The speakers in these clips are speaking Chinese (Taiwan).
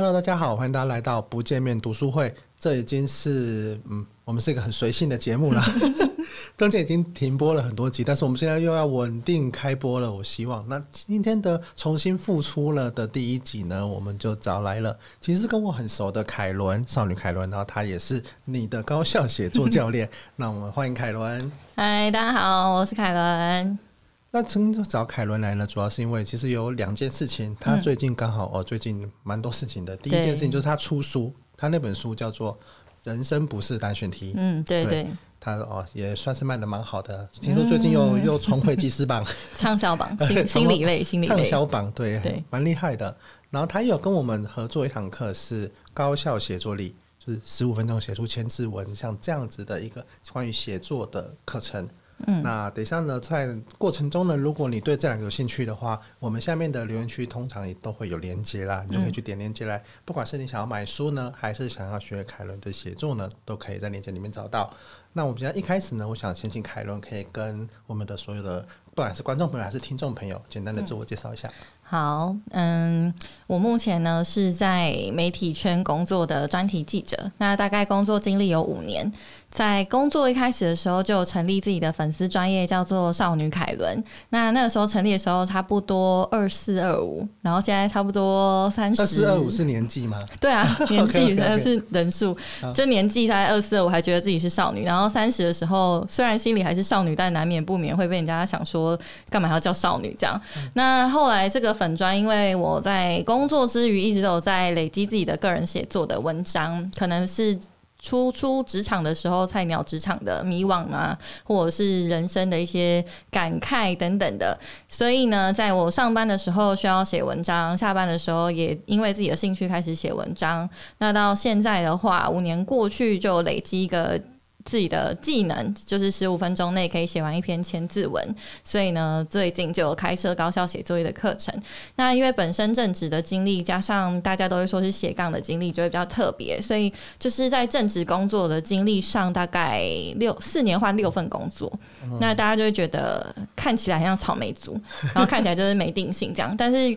Hello，大家好，歡迎大家來到不見面讀書會。這已經是嗯，我們是一個很隨性的節目了， 中間已經停播了很多集，但是我們現在又要穩定開播了。我希望那今天的重新復出了的第一集呢，我們就找來了其實跟我很熟的凱倫，少女凱倫，然後她也是你的高效寫作教練。 那我們歡迎凱倫。嗨，大家好，我是凱倫。那曾找凱倫來呢，主要是因為其實有兩件事情。他最近剛好、嗯，哦，最近蠻多事情的。第一件事情就是他出書，他那本書叫做《人生不是單選題》。嗯，對對。對他哦，也算是賣得蠻好的。聽說最近又、嗯、又重回即時榜暢銷榜，心、嗯、 暢銷榜 心理類、心理暢銷榜，對對，蠻厲害的。然後他也有跟我們合作一堂課，是高效寫作力，就是十五分鐘寫出千字文，像這樣子的一個關於寫作的課程。嗯、那等一下呢，在過程中呢，如果你對這兩個有興趣的話，我們下面的留言區通常也都會有鏈接啦，你就可以去點鏈接來、嗯。不管是你想要買書呢，還是想要學凱倫的寫作呢，都可以在鏈接裡面找到。那我們現在一開始呢，我想先請凱倫可以跟我們的所有的不管是觀眾朋友還是聽眾朋友，簡單的自我介紹一下。嗯好，嗯，我目前呢是在媒體圈工作的專題記者，那大概工作經歷有五年。在工作一開始的時候，就成立自己的粉絲專業，叫做“少女凱倫”。那那個時候成立的時候，差不多二四二五，然後現在差不多三十。二四二五是年紀嗎？對啊，年紀那是人數，這年紀在二四二五，還覺得自己是少女。然後三十的時候，雖然心裡還是少女，但難免不免會被人家想說幹嘛要叫少女這樣。嗯、那後來這個。本專，因為我在工作之餘一直都有在累積自己的個人寫作的文章，可能是初出職場的時候，菜鳥職場的迷惘啊，或者是人生的一些感慨等等的。所以呢，在我上班的時候需要寫文章，下班的時候也因為自己的興趣開始寫文章。那到現在的話，五年過去就累積一個。自己的技能就是十五分鐘內可以寫完一篇千字文，所以呢，最近就有開設高效寫作業的課程。那因為本身正職的經歷，加上大家都會說是斜槓的經歷，就會比較特別。所以就是在正職工作的經歷上，大概六四年換六份工作，嗯、那大家就會覺得看起來很像草莓族，然後看起來就是沒定性這樣， 但是。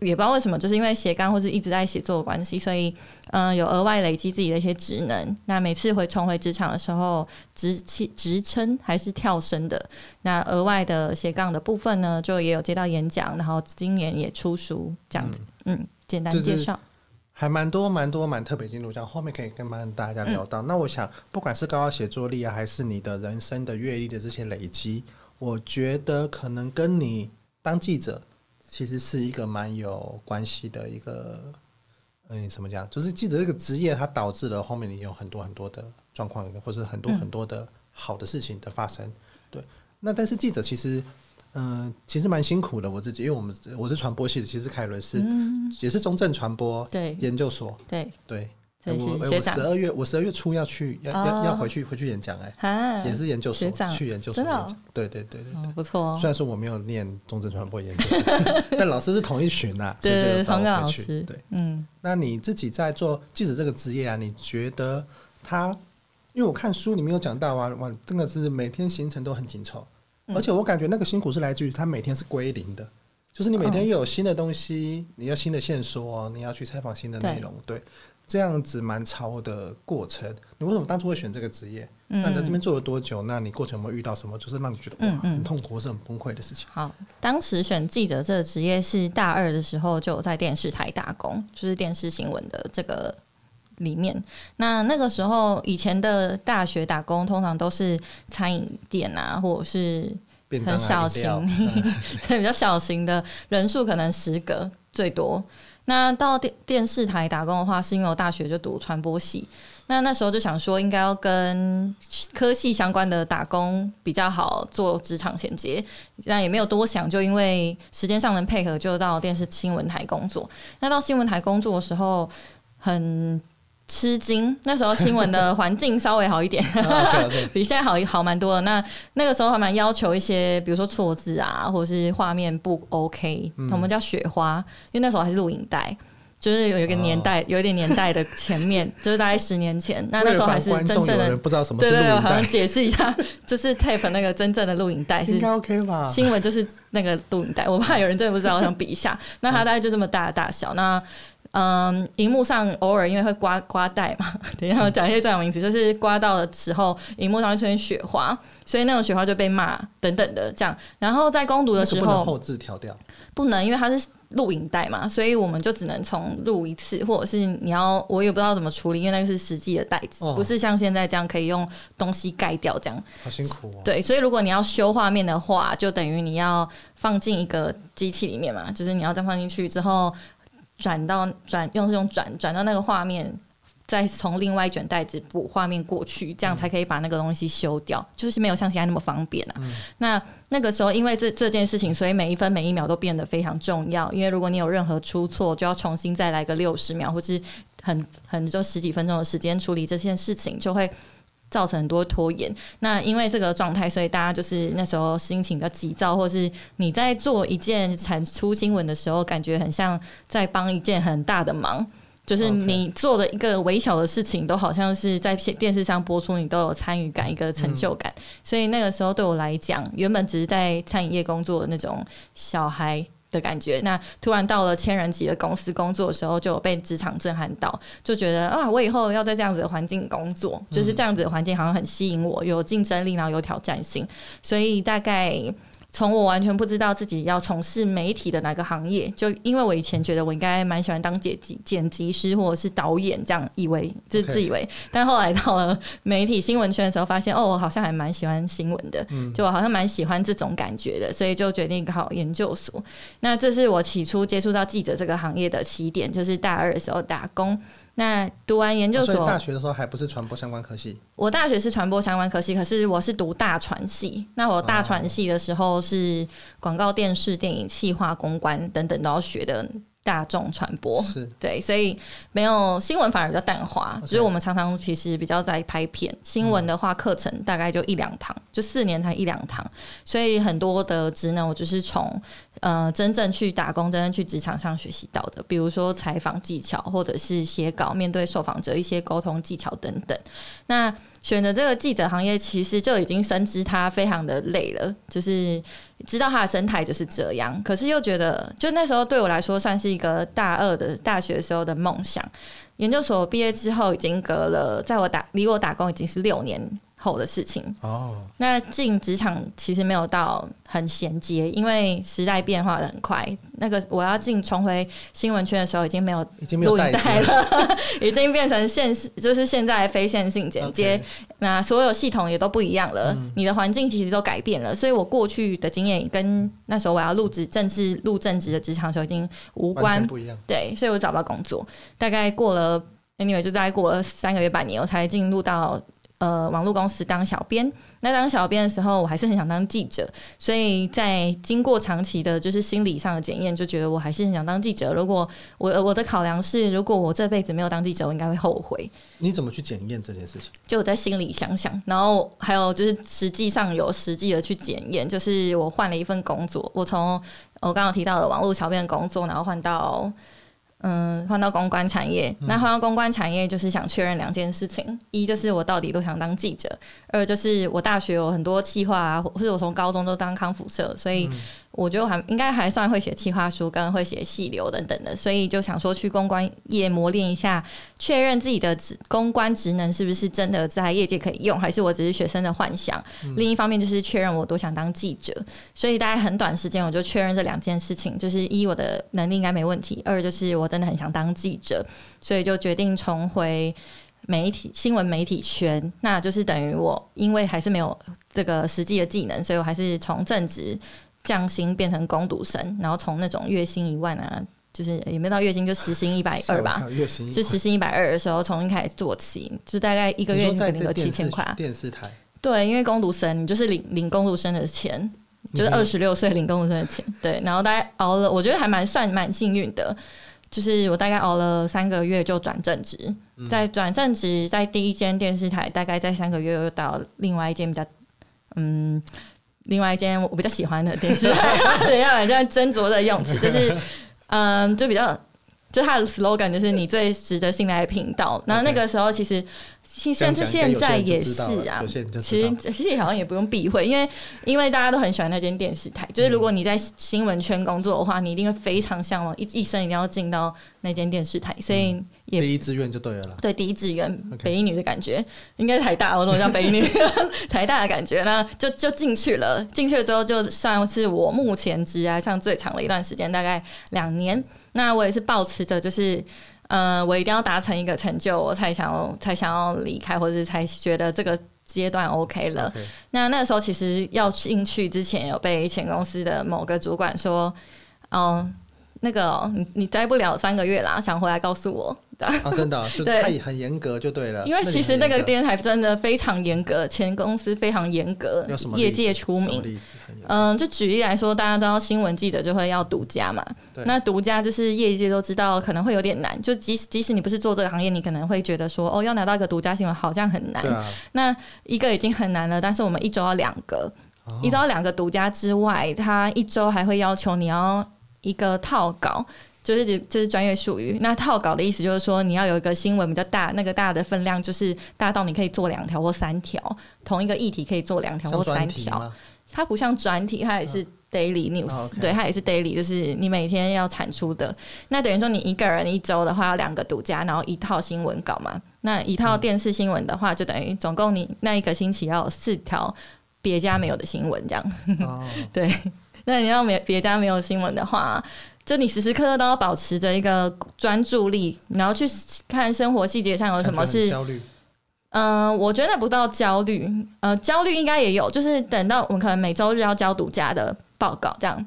也不知道為什麼，就是因為斜槓或者一直在寫作的關係，所以嗯，有額外累積自己的一些職能。那每次回重回職場的時候，職氣職稱還是跳升的。那額外的斜槓的部分呢，就也有接到演講，然後今年也出書這樣子。嗯，嗯簡單介紹，就是、還蠻多蠻多蠻特別經歷這樣，後面可以跟大家聊到。嗯、那我想，不管是剛剛寫作力啊，還是你的人生的閱歷的這些累積，我覺得可能跟你當記者，其實是一個蠻有關係的一個，嗯，怎麼講？就是記者這個職業，它導致了後面已有很多很多的狀況，或者是很多很多的好的事情的發生。嗯、對，那但是記者其實，嗯、呃，其實蠻辛苦的。我自己，因為我們我是傳播系的，其實凱倫是、嗯、也是中正傳播研究所，對對。對欸、我、欸、我十二月我十二月初要去要要、哦、要回去回去演講哎、欸，也是研究所去研究所演講、哦，對對對對對、哦，不錯、哦。雖然說我沒有念中正傳播研究所，但老師是同一群吶、啊。 所以就找我回去，對，同樣老師。對，那你自己在做記者這個職業啊，你覺得他？因為我看書裡面有講到啊，哇，真的是每天行程都很緊湊、嗯，而且我感覺那個辛苦是來自於他每天是歸零的，就是你每天又有新的東西，哦、你要新的線索，你要去採訪新的內容，對。對這樣子蠻超的過程，你為什麼當初會選這個職業？那在這邊做了多久？那你過程有沒有遇到什麼，就是讓你覺得哇很痛苦或很崩潰的事情？好，當時選記者這個職業是大二的時候就在電視台打工，就是電視新聞的這個裡面。那那個時候以前的大學打工通常都是餐飲店啊，或者是很小型、 比較小型的人數可能十個最多。那到電電視台打工的話，是因為我大學就讀傳播系，那那時候就想說應該要跟科系相關的打工比較好做職場銜接，那也沒有多想，就因為時間上能配合，就到電視新聞台工作。那到新聞台工作的時候，很。吃驚，那時候新聞的環境稍微好一點， 啊、okay, okay 比現在好好蠻多的。那那個時候還蠻要求一些，比如說錯字啊，或者是畫面不 OK，我、嗯、們叫雪花，因為那時候還是錄影帶，就是有一個年代、哦，有一點年代的前面， 就是大概十年前，那，那時候還是真正的人不知道什麼是。對，對對，我好像解釋一下， 就是 tape 那個真正的錄影帶，應該 OK 吧？新聞就是那個錄影帶，我怕有人真的不知道，我想比一下，那它大概就這麼大的大小，那。嗯，熒幕上偶爾因為會刮刮帶嘛，等一下我講一些這種名詞，就是刮到的時候，熒幕上會出現雪花，所以那種雪花就被罵等等的這樣。然後在攻讀的時候，那個、不能後置調掉，不能，因為它是錄影帶嘛，所以我們就只能重錄一次，或者是你要，我也不知道怎麼處理，因為那個是實際的帶子、哦，不是像現在這樣可以用東西蓋掉這樣。好辛苦哦。對，所以如果你要修畫面的話，就等於你要放進一個機器裡面嘛，就是你要再放進去之後。轉到轉用這種轉轉到那個畫面，再從另外一卷帶子補畫面過去，這樣才可以把那個東西修掉，就是沒有像現在那麼方便了、啊嗯。那那個時候因為這這件事情，所以每一分每一秒都變得非常重要，因為如果你有任何出錯，就要重新再來個六十秒，或是很很多十幾分鐘的時間處理這件事情，就會。造成很多拖延。那因為這個狀態，所以大家就是那時候心情比較急躁，或是你在做一件產出新聞的時候，感覺很像在幫一件很大的忙。就是你做的一個微小的事情，Okay. 都好像是在電視上播出，你都有參與感，一個成就感。嗯。所以那個時候對我來講，原本只是在餐飲業工作的那種小孩。的感覺，那突然到了千人級的公司工作的時候，就有被職場震撼到，就覺得啊，我以後要在這樣子的環境工作，就是這樣子的環境好像很吸引我，有競爭力，然後有挑戰性，所以大概。從我完全不知道自己要從事媒體的哪個行業，就因為我以前覺得我應該蠻喜歡當剪輯、剪輯師或者是導演這樣，以為就是自以為，Okay. 但後來到了媒體新聞圈的時候，發現哦，我好像還蠻喜歡新聞的，就我好像蠻喜歡這種感覺的，所以就決定考研究所。那這是我起初接觸到記者這個行業的起點，就是大二的時候打工。那讀完研究所，啊、所以大學的時候還不是傳播相關科系？我大學是傳播相關科系，可是我是讀大傳系。那我大傳系的時候是廣告、電視、電影、企劃、公關等等都要學的。大眾傳播對，所以沒有新聞反而比較淡化。所以，我們常常其實比較在拍片。新聞的話，課程大概就一兩堂，嗯，就四年才一兩堂。所以，很多的職能我就是從呃真正去打工、真正去職場上學習到的。比如說採訪技巧，或者是寫稿、面對受訪者一些溝通技巧等等。那選擇這個記者行業，其實就已經深知它非常的累了，就是。知道他的生態就是這樣，可是又覺得，就那時候對我來說算是一個大二的大學的時候的夢想。研究所畢業之後已經隔了，在我打離我打工已經是六年。後的事情哦，那進職場其實沒有到很銜接，因為時代變化的很快。那個我要進重回新聞圈的時候已、已經沒有錄音帶了， 已經變成現實，就是現在的非線性剪接，okay。那所有系統也都不一樣了，嗯、你的環境其實都改變了。所以我過去的經驗跟那時候我要入職正式入正職的職場的時候已經無關，不一樣。對，所以我找不到工作。大概過了 Anyway，就大概過了三個月半年，我才進入到。呃，網絡公司當小編，那當小編的時候，我還是很想當記者，所以在經過長期的，就是心理上的檢驗，就覺得我還是很想當記者。如果我我的考量是，如果我這輩子沒有當記者，我應該會後悔。你怎麼去檢驗這件事情？就我在心裡想想，然後還有就是實際上有實際的去檢驗，就是我換了一份工作，我從我剛剛提到的網絡小編的工作，然後換到。嗯，換到公關產業，那換到公關產業就是想確認兩件事情，嗯、一就是我到底都想當記者，二就是我大學有很多計劃啊，或者我從高中都當康輔社，所以、嗯。我覺得我還應該還算會寫企劃書，跟會寫細流等等的，所以就想說去公關業磨練一下，確認自己的職公關職能是不是真的在業界可以用，還是我只是學生的幻想。另一方面就是確認我多想當記者，所以大概很短時間我就確認這兩件事情，就是一我的能力應該沒問題，二就是我真的很想當記者，所以就決定重回媒體新聞媒體圈。那就是等於我因為還是沒有這個實際的技能，所以我還是從正職。降薪變成工讀生，然後從那種月薪一萬啊，就是也沒有到月薪，就時薪，薪一百二吧，就時薪一百二的時候，重新開始做起，就大概一個月可能有七千塊。對，因為工讀生你就是領領工讀生的錢，就是二十六歲領工讀生的錢，嗯。對，然後大概熬了，我覺得還蠻算蠻幸運的，就是我大概熬了三個月就轉正職，嗯，在轉正職在第一間電視台，大概在三個月又到另外一間比較嗯。另外一間我比較喜歡的電視， 等一下，在斟酌的用詞，就是， 嗯，就比較。就他的 slogan 就是你最值得信賴的頻道。 然後那個時候，其實甚至現在也是啊。其實其實好像也不用避諱，因 為因為大家都很喜歡那間電視台。就是如果你在新聞圈工作的話，你一定會非常向往一一生一定要進到那間電視台。所以也、嗯、第一志願就對了啦。對，第一志願北一女的感覺，okay. 應該是台大。我怎麼叫北一女？ 台大的感覺呢？就就進去了。進去了之後，就算是我目前職涯上最長的一段時間，大概兩年。那我也是抱持着，就是，呃，我一定要達成一個成就，我才想要才想要離開，或者是才覺得這個階段 OK 了。Okay. 那那個時候其實要進去之前，有被前公司的某個主管說，哦，那個、哦、你你待不了三個月啦，想回來告訴我。啊，真的，哦，對，很嚴格就對了對。因為其實那個電台真的非常嚴格，格，前公司非常嚴格，有什麼？業界出名。嗯、呃，就舉例來說，大家都知道新聞記者就會要獨家嘛。那獨家就是業界都知道，可能會有點難。就即使即使你不是做這個行業，你可能會覺得說，哦，要拿到一個獨家新聞好像很難，對啊。那一個已經很難了，但是我們一周要兩個，哦、一周要兩個獨家之外，他一周還會要求你要一個套稿。就是這這、就是專業術語。那套稿的意思就是說，你要有一個新聞比較大，那個大的分量就是大到你可以做兩條或三條，同一個議題可以做兩條或三條。它不像專題，它也是 daily news，、啊啊 okay、對，它也是 daily，就是你每天要產出的。那等於說，你一個人一周的話，要兩個獨家，然後一套新聞稿嘛。那一套電視新聞的話，嗯、就等於總共你那一個星期要有四條別家沒有的新聞，這樣。哦、 對，那你要沒別家沒有新聞的話。就你時時刻刻都要保持着一個專注力，然後去看生活細節上有什麼事。嗯、呃，我覺得不到焦慮。呃，焦慮應該也有，就是等到我們可能每週日要交獨家的報告，這樣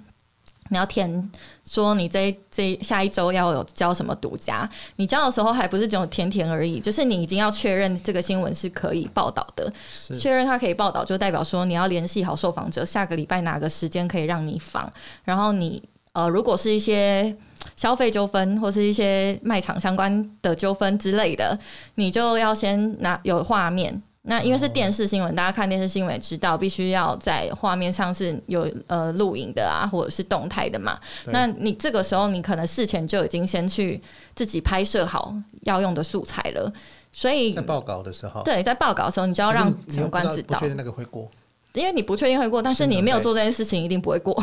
你要填說你這一這一下一周要有交什麼獨家。你交的時候還不是只有填填而已，就是你已經要確認這個新聞是可以報道的，確認它可以報道，就代表說你要聯繫好受訪者，下個禮拜哪個時間可以讓你訪，然後你。呃，如果是一些消費糾紛或是一些賣場相關的糾紛之類的，你就要先拿有畫面。那因為是電視新聞，哦，大家看電視新聞也知道，必須要在畫面上是有呃錄影的啊，或者是動態的嘛。那你這個時候，你可能事前就已經先去自己拍攝好要用的素材了。所以在報告的時候，對，在報告的時候，你就要讓長官知道，確定那個會過，因為你不確定會過，但是你沒有做這件事情，一定不會過。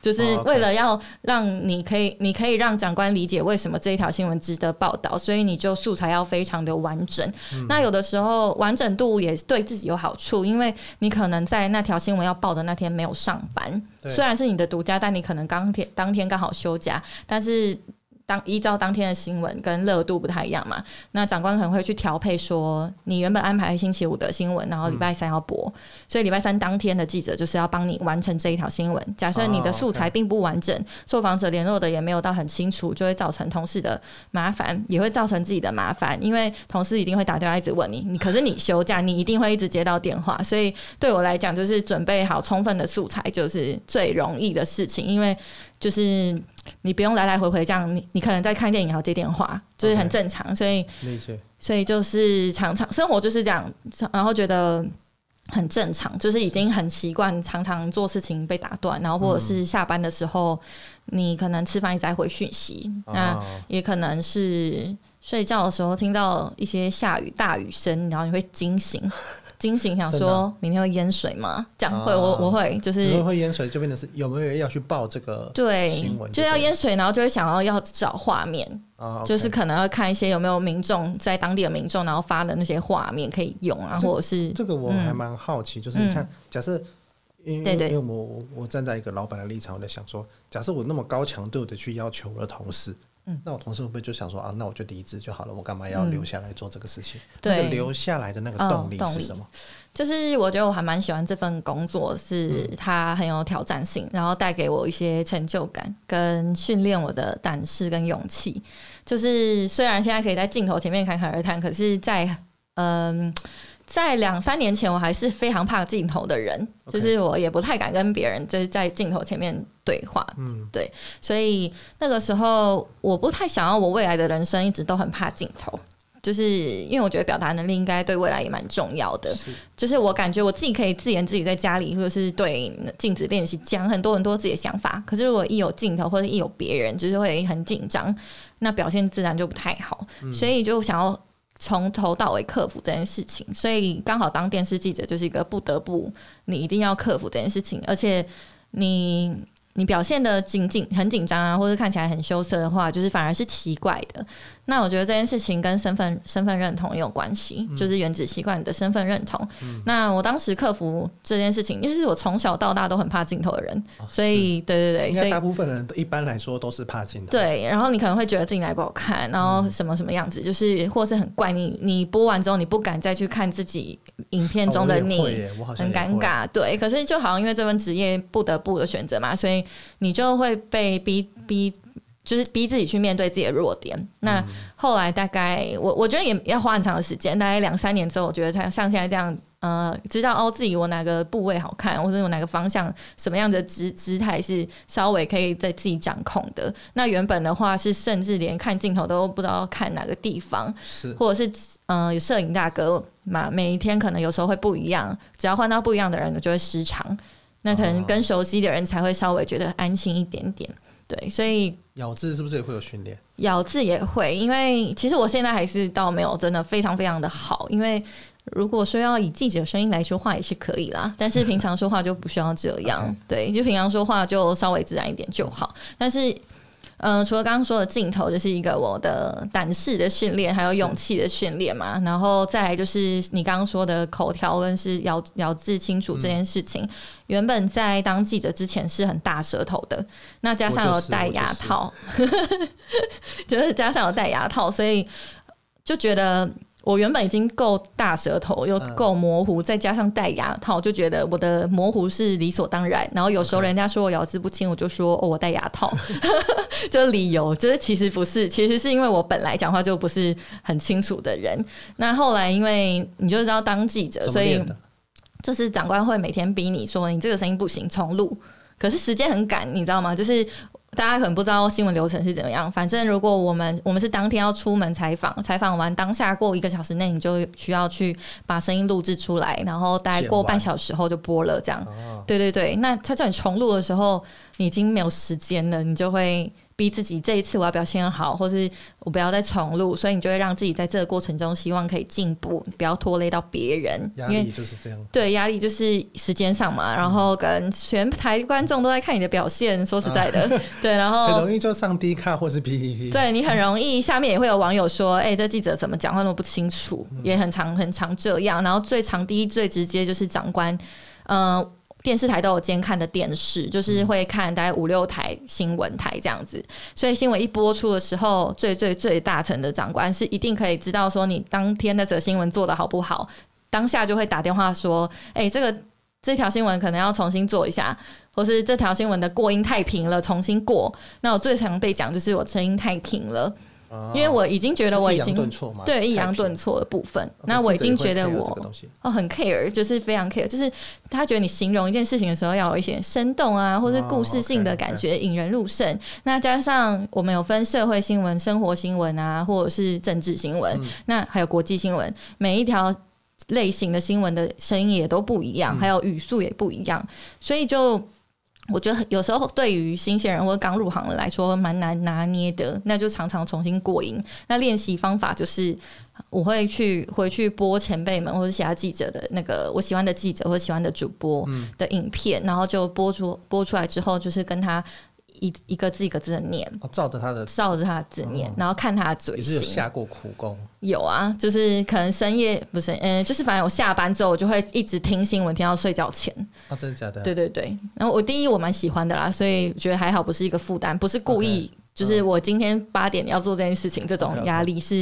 就是為了要讓你可以，你可以讓長官理解為什麼這一條新聞值得報道所以你就素材要非常的完整。那有的時候，完整度也對自己有好處，因為你可能在那條新聞要報的那天沒有上班，雖然是你的獨家，但你可能剛當天當天剛好休假，但是。當依照當天的新聞跟熱度不太一樣嘛，那長官可能會去調配，說你原本安排星期五的新聞，然後禮拜三要播，所以禮拜三當天的記者就是要幫你完成這一條新聞。假設你的素材並不完整，受訪者聯絡的也沒有到很清楚，就會造成同事的麻煩，也會造成自己的麻煩，因為同事一定會打電話一直問你。你可是你休假，你一定會一直接到電話，所以對我來講，就是準備好充分的素材就是最容易的事情，因為。就是你不用來來回回這樣，你你可能在看電影然後接電話，就是很正常，所以所以就是常常生活就是這樣，然後覺得很正常，就是已經很習慣常常做事情被打斷，然後或者是下班的時候你可能吃飯一直在回訊息，那也可能是睡覺的時候聽到一些下雨大雨聲，然後你會驚醒。驚醒，想說明天會淹水嗎，這樣會，啊、我我會就是會淹水這邊的是有沒有人要去報這個對新聞？就要淹水，然後就會想要要找畫面，啊 okay、就是可能要看一些有沒有民眾在當地的民眾，然後發的那些畫面可以用啊，或者是這個我還蠻好奇，嗯，就是你看，假設因為我對對對，我站在一個老闆的立場，我在想說，假設我那麼高強度的去要求我的同事。嗯，那我同事會不會就想說啊，那我就離職就好了，我幹嘛要留下來做這個事情？對、嗯，留下來的那個動力是什麼？哦、就是我覺得我還蠻喜歡這份工作，是它很有挑戰性，嗯、然後帶給我一些成就感，跟訓練我的膽識跟勇氣。就是雖然現在可以在鏡頭前面侃侃而談，可是在，在嗯。在兩三年前，我還是非常怕鏡頭的人，Okay. 就是我也不太敢跟別人就是在鏡頭前面對話。嗯。對，所以那個時候我不太想要我未來的人生一直都很怕鏡頭，就是因為我覺得表達能力應該對未來也蠻重要的。就是我感覺我自己可以自言自語在家裡，或者是對鏡子練習講很多很多自己的想法。可是我一有鏡頭或者一有別人，就是會很緊張，那表現自然就不太好。嗯。所以就想要。從頭到尾克服這件事情，所以剛好當電視記者就是一個不得不，你一定要克服這件事情。而且你你表現得緊緊很緊張啊，或者看起來很羞澀的話，就是反而是奇怪的。那我覺得這件事情跟身份身份認同也有關係，嗯，就是原子習慣你的身份認同，嗯。那我當時克服這件事情，因為我從小到大都很怕鏡頭的人，哦，所以對對對，所以大部分人一般來說都是怕鏡頭。對，然後你可能會覺得自己來不好看，然後什麼什麼樣子，就是或是很怪你。你播完之後，你不敢再去看自己影片中的你，很尷尬。對，可是就好像因為這份職業不得不的選擇嘛，所以你就會被逼逼。就是逼自己去面對自己的弱點。嗯、那後來大概我我覺得也要花很長的時間，大概兩三年之後，我覺得才像現在這樣，呃，知道哦自己我哪個部位好看，或者我哪個方向什麼樣的姿姿態是稍微可以在自己掌控的。那原本的話是甚至連看鏡頭都不知道看哪個地方，是或者是嗯攝影大哥嘛，每一天可能有時候會不一樣，只要換到不一樣的人，你就會失常。那可能跟熟悉的人才會稍微覺得安心一點點。對，所以咬字是不是也會有訓練？咬字也會，因為其實我現在還是倒沒有真的非常非常的好。因為如果說要以記者聲音來說話也是可以啦，但是平常說話就不需要這樣。 對，就平常說話就稍微自然一點就好。但是。嗯、呃，除了剛剛說的鏡頭，就是一個我的膽識的訓練，還有勇氣的訓練嘛。然後再來就是你剛剛說的口條跟是咬咬字清楚這件事情、嗯。原本在當記者之前是很大舌頭的，那加上有戴牙套，就是就是， 就是加上有戴牙套，所以就覺得。我原本已經夠大舌頭又夠模糊、嗯，再加上戴牙套，就覺得我的模糊是理所當然。然後有時候人家說我咬字不清，我就說哦，我戴牙套， 就理由就是其實不是，其實是因為我本來講話就不是很清楚的人。那後來因為你就知道當記者，所以就是長官會每天逼你說，你這個聲音不行重錄，可是時間很趕，你知道嗎？就是。大家可能不知道新聞流程是怎麼樣。反正如果我們我們是當天要出門採訪，採訪完當下過一個小時內，你就需要去把聲音錄制出來，然後大概過半小時後就播了這樣。對對對，那他叫你重錄的時候，你已經沒有時間了，你就會。逼自己這一次我要表現好，或是我不要再重錄，所以你就會讓自己在這個過程中希望可以進步，不要拖累到別人。壓力就是這樣。對，壓力就是時間上嘛，然後跟全台觀眾都在看你的表現。嗯、說實在的，啊、對，然後 很容易就上 Dcard 或是 PTT。對你很容易，下面也會有網友說：“哎、欸，這記者怎麼講話那麼不清楚、嗯？”也很常、很常這樣。然後最常、第一、最直接就是長官，嗯、呃。電視台都有監看的電視，就是會看大概五六台新聞台這樣子，所以新聞一播出的時候，最最最大層的長官是一定可以知道說你當天的這個新聞做得好不好，當下就會打電話說，哎、欸，這個這條新聞可能要重新做一下，或是這條新聞的過音太平了，重新過。那我最常被講就是我聲音太平了。因為我已經覺得我已經對抑揚頓挫的部分，哦，那我已經覺得我哦很 care，就是非常 care，就是他覺得你形容一件事情的時候要有一些生動啊，或是故事性的感覺，引人入勝。哦、okay, okay. 那加上我們有分社會新聞、生活新聞啊，或者是政治新聞，嗯，那還有國際新聞，每一條類型的新聞的聲音也都不一樣，嗯，還有語速也不一樣，所以就。我覺得有時候對於新鮮人或剛入行的來說蠻難拿捏的，那就常常重新過音，那練習方法就是，我會去回去播前輩們或者其他記者的那個我喜歡的記者或喜歡的主播的影片，然後就播出播出來之後，就是跟他。一一個字一個字的念，哦、照着他的，照着他的字念、哦，然後看他的嘴型，也是下過苦功。有啊，就是可能深夜不是，嗯，就是反正我下班之後，我就會一直聽新聞，聽到睡覺前。啊、哦，真的假的？對對對。然後我第一我蠻喜歡的啦、哦，所以覺得還好，不是一個負擔，不是故意、哦。Okay 就是我今天八點要做這件事情，嗯、這種壓力是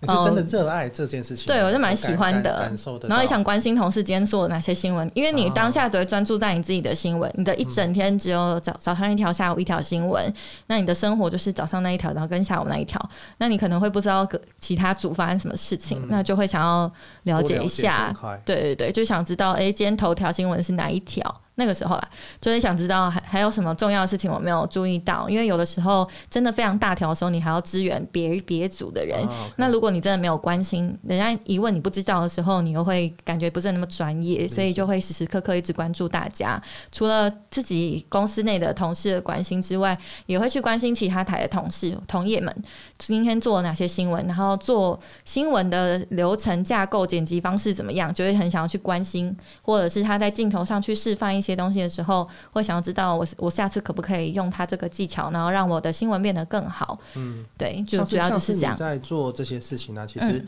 你是真的熱愛這件事情，哦、對，我就蠻喜歡的。然後也想關心同事今天做了哪些新聞、嗯，因為你當下只會專注在你自己的新聞，你的一整天只有早、嗯、早上一條，下午一條新聞，那你的生活就是早上那一條，然後跟下午那一條，那你可能會不知道其他組發生什麼事情，嗯、那就會想要了解一下，對對對，就想知道哎、欸，今天頭條新聞是哪一條？那個時候啦，就是想知道還還有什麼重要的事情我沒有注意到，因為有的時候真的非常大條的時候，你還要支援別別組的人、啊 okay。那如果你真的沒有關心，人家一問你不知道的時候，你又會感覺不是那麼專業，所以就會時時刻刻一直關注大家。除了自己公司內的同事的關心之外，也會去關心其他台的同事同業們今天做了哪些新聞，然後做新聞的流程架構、剪輯方式怎麼樣，就會很想要去關心，或者是他在鏡頭上去示範一些。些東西的時候，會想要知道我我下次可不可以用它這個技巧，然後讓我的新聞變得更好。嗯，對，就主要就是這樣。在做這些事情呢、啊，其實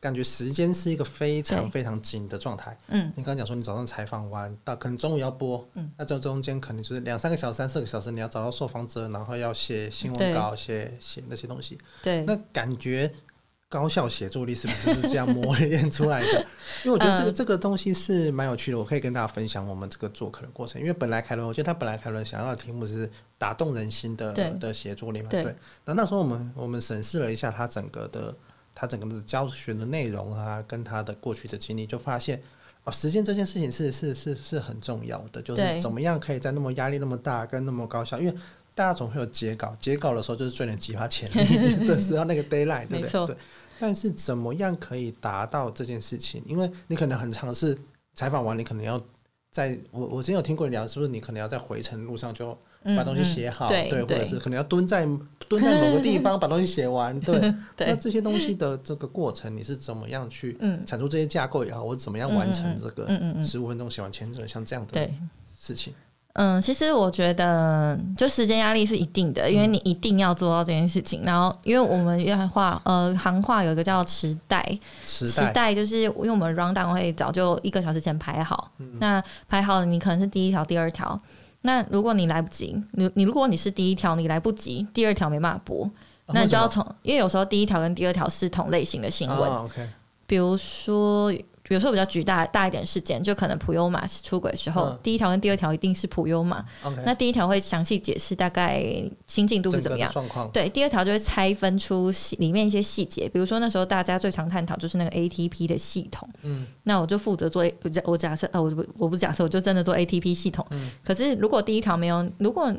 感覺時間是一個非常非常緊的狀態、嗯。嗯，你剛剛講說你早上採訪完，到可能中午要播，嗯，那這中間可能就是兩三個小時、三四個小時，你要找到受訪者，然後要寫新聞稿、寫寫那些東西。對，那感覺。高效寫作力是不是就是這樣磨練出來的？ 因為我覺得這個這個東西是蠻有趣的，我可以跟大家分享我們這個做課的過程。因為本來凱倫，我覺得他本來凱倫想要的題目是打動人心的的寫作力嘛。對。那那時候我們我們審視了一下他整個的他整個的教學的內容啊，跟他的過去的經歷，就發現哦，時間這件事情是是是是很重要的，就是怎麼樣可以在那麼壓力那麼大跟那麼高效，因為。大家總會有截稿、截稿的時候就是最能激發潛力 的時候，那個 daylight，對不對？對。但是怎麼樣可以達到這件事情？因為你可能很常是採訪完，你可能要在……我我之前有聽過你聊，是不是你可能要在回程路上就把東西寫好嗯嗯對對？對，或者是可能要蹲在蹲在某個地方把東西寫完 對？對。那這些東西的這個過程，你是怎麼樣去產出這些架構也好，我、嗯、怎麼樣完成這個十五分鐘寫完簽證、嗯嗯、像這樣的事情？嗯，其實我覺得，就時間壓力是一定的，因為你一定要做到這件事情。嗯、然後，因為我們用話，呃，行話有一個叫“遲帶”，遲帶就是因為我們 round down 會早就一個小時前排好。嗯、那排好了，你可能是第一條、第二條。那如果你來不及，你你如果你是第一條，你來不及，第二條沒辦法播，那你就要從，因為有時候第一條跟第二條是同類型的新聞、哦 okay，比如說。比如說比較舉大大一點事件，就可能普悠瑪是出軌時候，嗯、第一條跟第二條一定是普悠瑪。嗯、okay, 那第一條會詳細解釋大概新進度是怎麼樣，狀況。對，第二條就會拆分出裡面一些細節。比如說那時候大家最常探討就是那個 ATP 的系統。嗯，那我就負責做，我假設呃，我不，我不假設，我就真的做 ATP 系統。嗯、可是如果第一條沒有，如果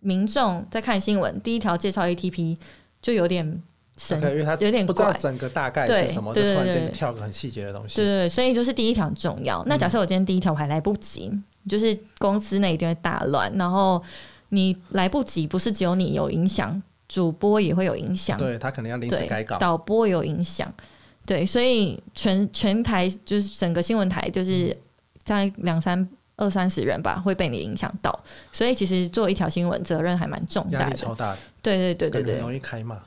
民眾在看新聞，第一條介紹 ATP 就有點。對、okay,，因為有點不知道整個大概是什麼，對對對對，就突然間跳個很細節的東西。對，對，對，所以就是第一條很重要。那假設我今天第一條我還來不及，嗯、就是公司內一定會大亂。然後你來不及，不是只有你有影響，主播也會有影響，對他可能要臨時改稿，導播有影響。對，所以全全台就是整個新聞台，就是在兩三二三十人吧會被你影響到。所以其實做一條新聞責任還蠻重大的，壓力超大的對對對對對，容易開罵。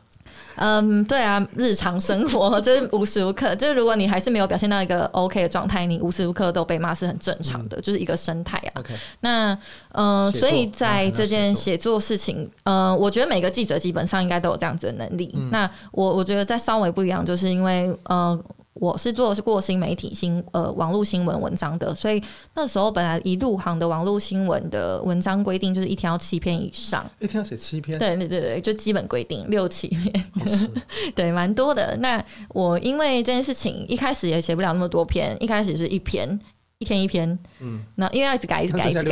嗯、um,，對啊，日常生活 就是無時無刻，就是如果你還是沒有表現到一個 OK 的狀態，你無時無刻都被罵是很正常的，嗯、就是一個生態啊。Okay. 那嗯、呃，所以在這件寫作事情，嗯、呃，我覺得每個記者基本上應該都有這樣子的能力。嗯、那我我覺得在稍微不一樣，就是因為嗯。呃我是做的是過新媒體新呃網絡新聞文章的，所以那時候本來一入行的網絡新聞的文章規定就是一天要七篇以上，一天要寫七篇，對對對對，就基本規定六七篇，哦、 對，蠻多的。那我因為這件事情一開始也寫不了那麼多篇，一開始是一篇。一天一篇，嗯，那因為要一直改，一直改，改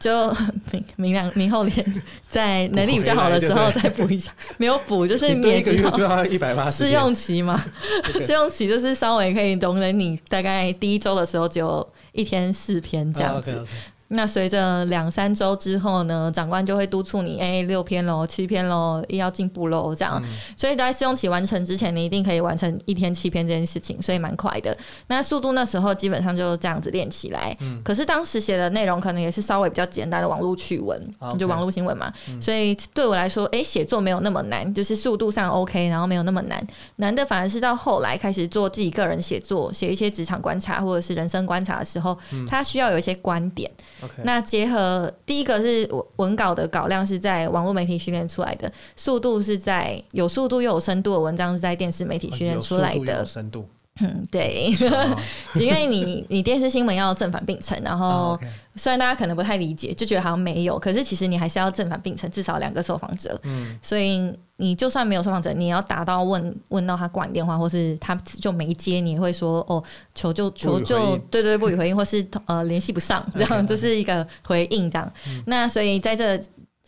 就明明兩明後天在能力比較好的時候再補一下， 沒有補就是每一個月就要一百八十，試用期嘛，試、 okay. 用期就是稍微可以容忍你大概第一周的時候只有一天四篇這樣子。Oh, okay, okay. 那隨着兩三周之後呢，長官就會督促你，哎、欸，六篇嘍，七篇嘍，又要進步嘍，這樣。嗯、所以，在試用期完成之前，你一定可以完成一天七篇這件事情，所以蠻快的。那速度那時候基本上就這樣子練起來、嗯。可是當時寫的內容可能也是稍微比較簡單的網絡趣聞、嗯，就網絡新聞嘛、嗯。所以對我來說，哎、欸，寫作沒有那麼難，就是速度上 OK，然後沒有那麼難。難的反而是到後來開始做自己個人寫作，寫一些職場觀察或者是人生觀察的時候，嗯、他需要有一些觀點。Okay. 那結合，第一個是文稿的稿量是在網絡媒體訓練出來的，速度是在有速度又有深度的文章是在電視媒體訓練出來的。哦嗯，對， 因為你你電視新聞要正反並陳，然後雖然大家可能不太理解，就覺得好像沒有，可是其實你還是要正反並陳，至少兩個受訪者。嗯，所以你就算沒有受訪者，你要打到問問到他掛你電話，或是他就沒接，你也會說哦，求救求救，求救對，對對不予回應，或是呃聯繫不上，這樣就是一個回應這樣。嗯、那所以在這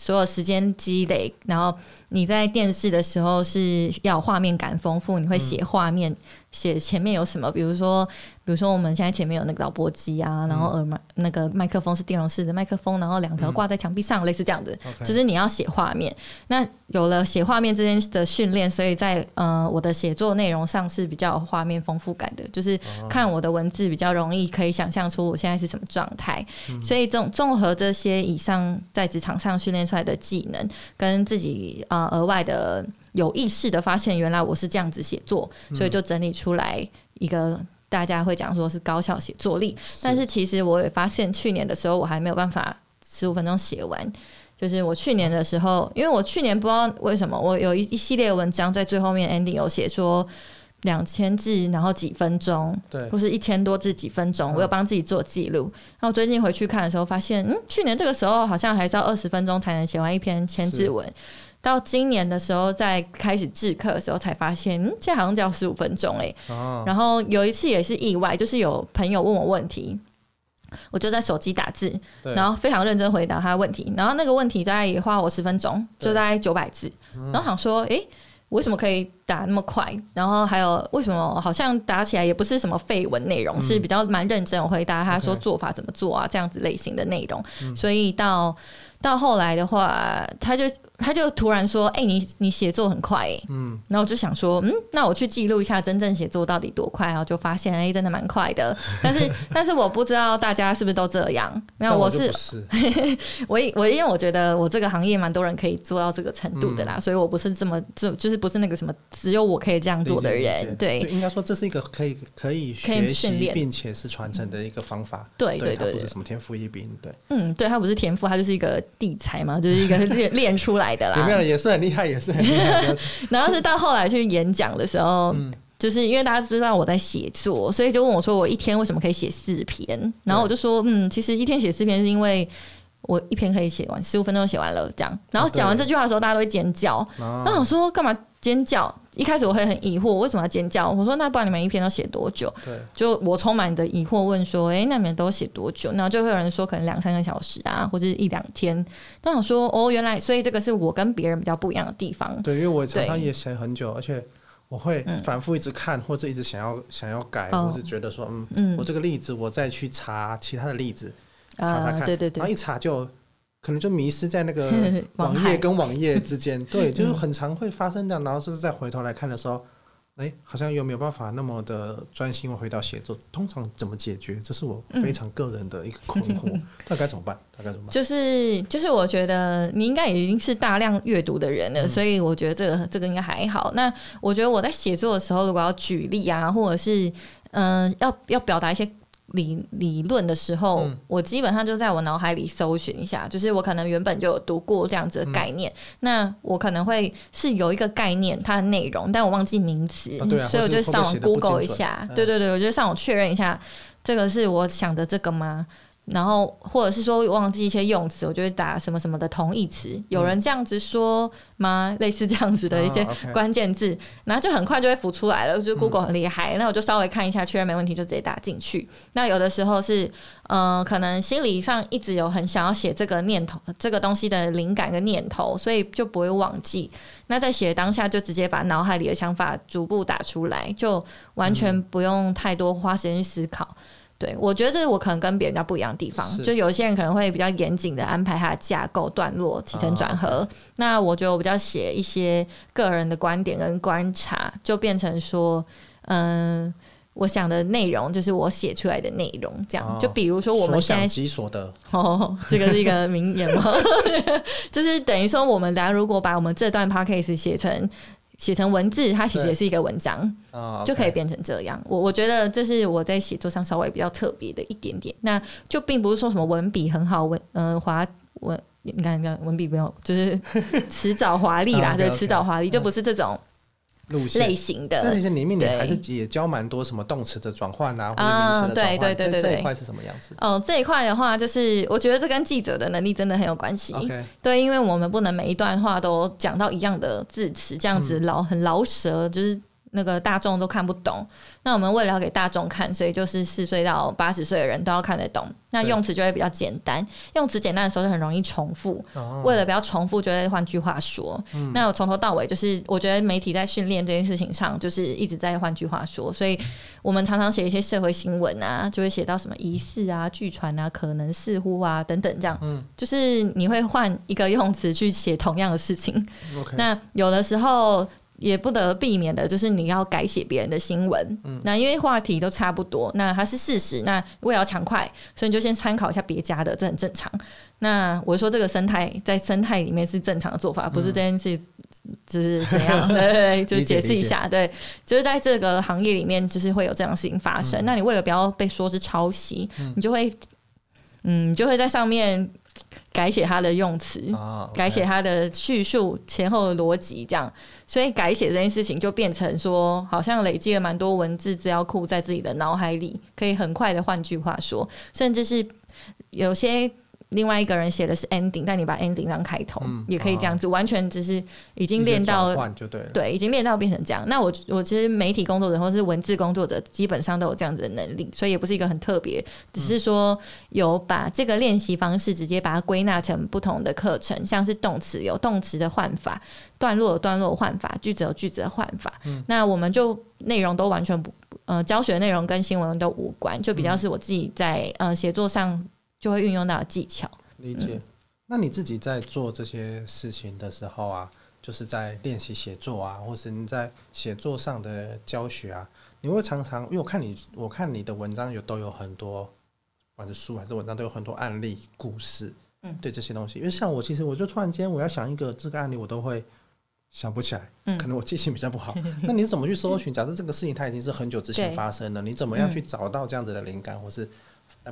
所有時間積累，然後你在電視的時候是要畫面感豐富，你會寫畫面。嗯寫前面有什麼？比如說，比如說我們現在前面有那個導播機啊，嗯、然後耳麥那個麥克風是電容式的麥克風，然後兩條掛在牆壁上，嗯、類似這樣子。Okay、就是你要寫畫面。那有了寫畫面之間的訓練，所以在呃我的寫作內容上是比較有畫面豐富感的，就是看我的文字比較容易可以想象出我現在是什麼狀態。嗯、所以綜綜合這些以上在職場上訓練出來的技能，跟自己啊、呃、額外的。有意識的發現，原來我是這樣子寫作，嗯，所以就整理出來一個大家會講說是高效寫作力。但是其實我也發現，去年的時候我還沒有辦法十五分鐘寫完。就是我去年的時候，因為我去年不知道為什麼，我有一一系列文章在最後面 ending 有寫說兩千字，然後幾分鐘，對，或是一千多字幾分鐘，嗯，我有幫自己做記錄。然後最近回去看的時候，發現嗯，去年這個時候好像還是要二十分鐘才能寫完一篇千字文。到今年的時候，在開始制課的時候才發現，嗯，現在好像只要十五分鐘哎、欸。啊、然後有一次也是意外，就是有朋友問我問題，我就在手機打字，然後非常認真回答他的問題。然後那個問題大概也花我十分鐘，就大概九百字。然後想說，哎、欸，為什麼可以打那麼快？然後還有為什麼好像打起來也不是什麼廢文內容，嗯、是比較蠻認真回答他。他、okay、說做法怎麼做啊？這樣子類型的內容，嗯、所以到。到後來的話，他就他就突然說：“哎、欸，你你寫作很快、欸。”嗯，然後我就想說：“嗯，那我去記錄一下真正寫作到底多快、啊。”然後就發現，哎、欸，真的蠻快的。但是，但是我不知道大家是不是都這樣。 沒有，是我是呵呵我我因為我覺得我這個行業蠻多人可以做到這個程度的啦，嗯、所以我不是這麼就就是不是那個什麼只有我可以這樣做的人。對、對、對，對對對對對，應該說這是一個可以可以學習並且是傳承的一個方法。對對、對對對，不是什麼天賦異稟。對、對，嗯，對，他不是天賦，他就是一個。地才嘛，就是一個練練出來的啦。也也是很厲害，也是很厲害。然後是到後來去演講的時候，就是因為大家知道我在寫作，所以就問我說：“我一天為什麼可以寫四篇？”然後我就說：“嗯，其實一天寫四篇是因為我一篇可以寫完，十五分鐘寫完了這樣。”然後講完這句話的時候，大家都會尖叫。然後我說：“幹嘛尖叫？”一開始我會很疑惑，我為什麼要尖叫？我說，那不然你每一篇都寫多久？對，就我充滿的疑惑問說，誒、欸，那你們都寫多久？然後就會有人說，可能兩三個小時啊，或者一兩天。那我說，哦，原來，所以這個是我跟別人比較不一樣的地方。對，因為我常常也寫很久，而且我會反覆一直看，或者一直想要想要改，或、嗯、者覺得說嗯，嗯，我這個例子，我再去查其他的例子，查查看，呃、對，對對對，然後一查就。可能就迷失在那個網頁跟網頁之間， 對，就是很常會發生這樣。然後就是再回頭來看的時候，哎、欸，好像又沒有辦法那麼的專心回到寫作。通常怎麼解決？這是我非常個人的一個困惑。那、嗯、該 怎麼辦？大概怎麼辦？就是就是，我覺得你應該已經是大量閱讀的人了、嗯，所以我覺得這個這個應該還好。那我覺得我在寫作的時候，如果要舉例啊，或者是嗯、呃，要要表達一些。理理論的時候、嗯，我基本上就在我腦海裡搜尋一下，就是我可能原本就有讀過這樣子的概念，嗯、那我可能會是有一個概念它的內容，但我忘記名詞、啊啊，所以我就上網 Google 一下，會會啊、對對對，我就上網確認一下，這個是我想的這個嗎？然後，或者是說我忘記一些用詞，我就會打什麼什麼的同義詞。有人這樣子說嗎？類似這樣子的一些關鍵字，然後就很快就會浮出來了。我覺得 Google 很厲害，那我就稍微看一下，確認沒問題就直接打進去。那有的時候是，嗯，可能心理上一直有很想要寫這個念頭、這個東西的靈感跟念頭，所以就不會忘記。那在寫當下就直接把腦海裡的想法逐步打出來，就完全不用太多花時間去思考。對，我覺得這是我可能跟別人家不一樣的地方，就有些人可能會比較嚴謹的安排他的架構、段落、起承轉合。哦、那我覺得我比較寫一些個人的觀點跟觀察，就變成說，嗯、呃，我想的內容就是我寫出來的內容這樣、哦。就比如說我們現在所想即所得，哦，這個是一個名言嗎？ 就是等於說，我們來如果把我們這段 Podcast 寫成。寫成文字，它其實也是一個文章，oh, okay. 就可以變成這樣。我我覺得這是我在寫作上稍微比較特別的一點點，那就並不是說什麼文筆很好文，呃，文呃，華文，你看你看文筆沒有，就是辭藻華麗啦， oh, okay, okay. 對，辭藻華麗，就不是這種。嗯類型的，但是其實裡面你還是也教蠻多什麼動詞的轉換啊，或者名詞的轉換，啊，對，對，對，對，對。這一塊是什麼樣子？哦，這一塊的話，就是我覺得這跟記者的能力真的很有關係。Okay. 對，因為我們不能每一段話都講到一樣的字詞，這樣子老很饒舌，就是。那個大眾都看不懂，那我們為了要給大眾看，所以就是四歲到八十歲的人都要看得懂，那用詞就會比較簡單。用詞簡單的時候就很容易重復，哦、為了不要重復，就會換句話說。嗯、那我從頭到尾就是，我覺得媒體在訓練這件事情上，就是一直在換句話說。所以我們常常寫一些社會新聞啊，就會寫到什麼疑似啊、據傳啊、可能似乎啊等等這樣。就是你會換一個用詞去寫同樣的事情。嗯、那有的時候。也不得避免的，就是你要改寫別人的新聞，嗯。那因為話題都差不多，那它是事實。那我也要搶快，所以你就先參考一下別家的，這很正常。那我說這個生態在生態裡面是正常的做法，嗯、不是這件事，就是怎樣？ 對，對對，就解釋一下理解理解，對，就是在這個行業裡面，就是會有這樣的事情發生。嗯、那你為了不要被說是抄襲，嗯，你就會，嗯，你就會在上面。改寫他的用詞、啊 okay，改寫他的敘述前後的邏輯，這樣，所以改寫這件事情就變成說，好像累積了蠻多文字資料庫在自己的腦海裡，可以很快的。換句話說，甚至是有些。另外一個人寫的是 ending，但你把 ending 當開頭，嗯、也可以這樣子，啊、完全只是已經練到轉換就對,對，已經練到變成這樣。那我我其實媒體工作者或是文字工作者，基本上都有這樣子的能力，所以也不是一個很特別，只是說有把這個練習方式直接把它歸納成不同的課程，像是動詞有動詞的換法，段落有段落的換法，句子有句子的換法、嗯。那我們就內容都完全不，呃，教學內容跟新聞都無關，就比較是我自己在、嗯、呃寫作上。就會運用到技巧，理解。那你自己在做這些事情的時候啊、嗯，就是在練習寫作啊，或是你在寫作上的教學啊，你會常常因為我看你，我看你的文章有都有很多，反正書還是文章都有很多案例故事，嗯，對這些東西。因為像我，其實我就突然間我要想一個這個案例，我都會想不起來，嗯，可能我記性比較不好。嗯、那你怎麼去搜尋、嗯？假設這個事情它已經是很久之前發生的，你怎麼樣去找到這樣子的靈感，嗯、或是？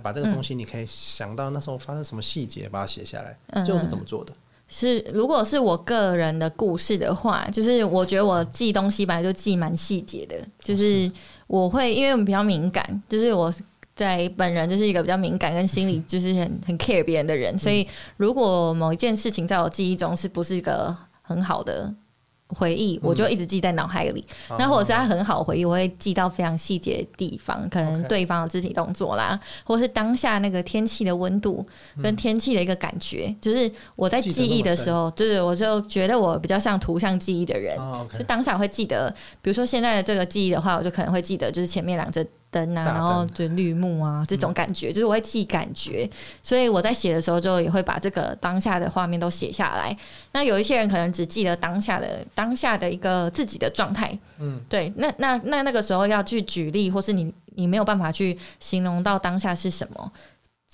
把這個東西，你可以想到那時候發生什麼細節，把它寫下來。嗯，最後是怎麼做的？是如果是我個人的故事的話，就是我覺得我記東西本來就記蠻細節的，就是我會因為我們比較敏感，就是我在本人就是一個比較敏感跟心裡，就是很很 care 別人的人，嗯，所以如果某一件事情在我記憶中是不是一個很好的回憶，我就一直記在腦海裡，嗯。那或者是他很好回憶，我會記到非常細節的地方，可能對方的肢體動作啦，okay，或者是當下那個天氣的溫度跟天氣的一個感覺，嗯。就是我在記憶的時候，就是我就覺得我比較像圖像記憶的人，哦 okay，就當場會記得。比如說現在的這個記憶的話，我就可能會記得，就是前面兩者。啊，然後對綠幕啊，這種感覺，就是我會記感覺，嗯、所以我在寫的時候就也會把這個當下的畫面都寫下來。那有一些人可能只記得當下的當下的一個自己的狀態，嗯，對，那那那那個時候要去舉例，或是你你沒有辦法去形容到當下是什麼。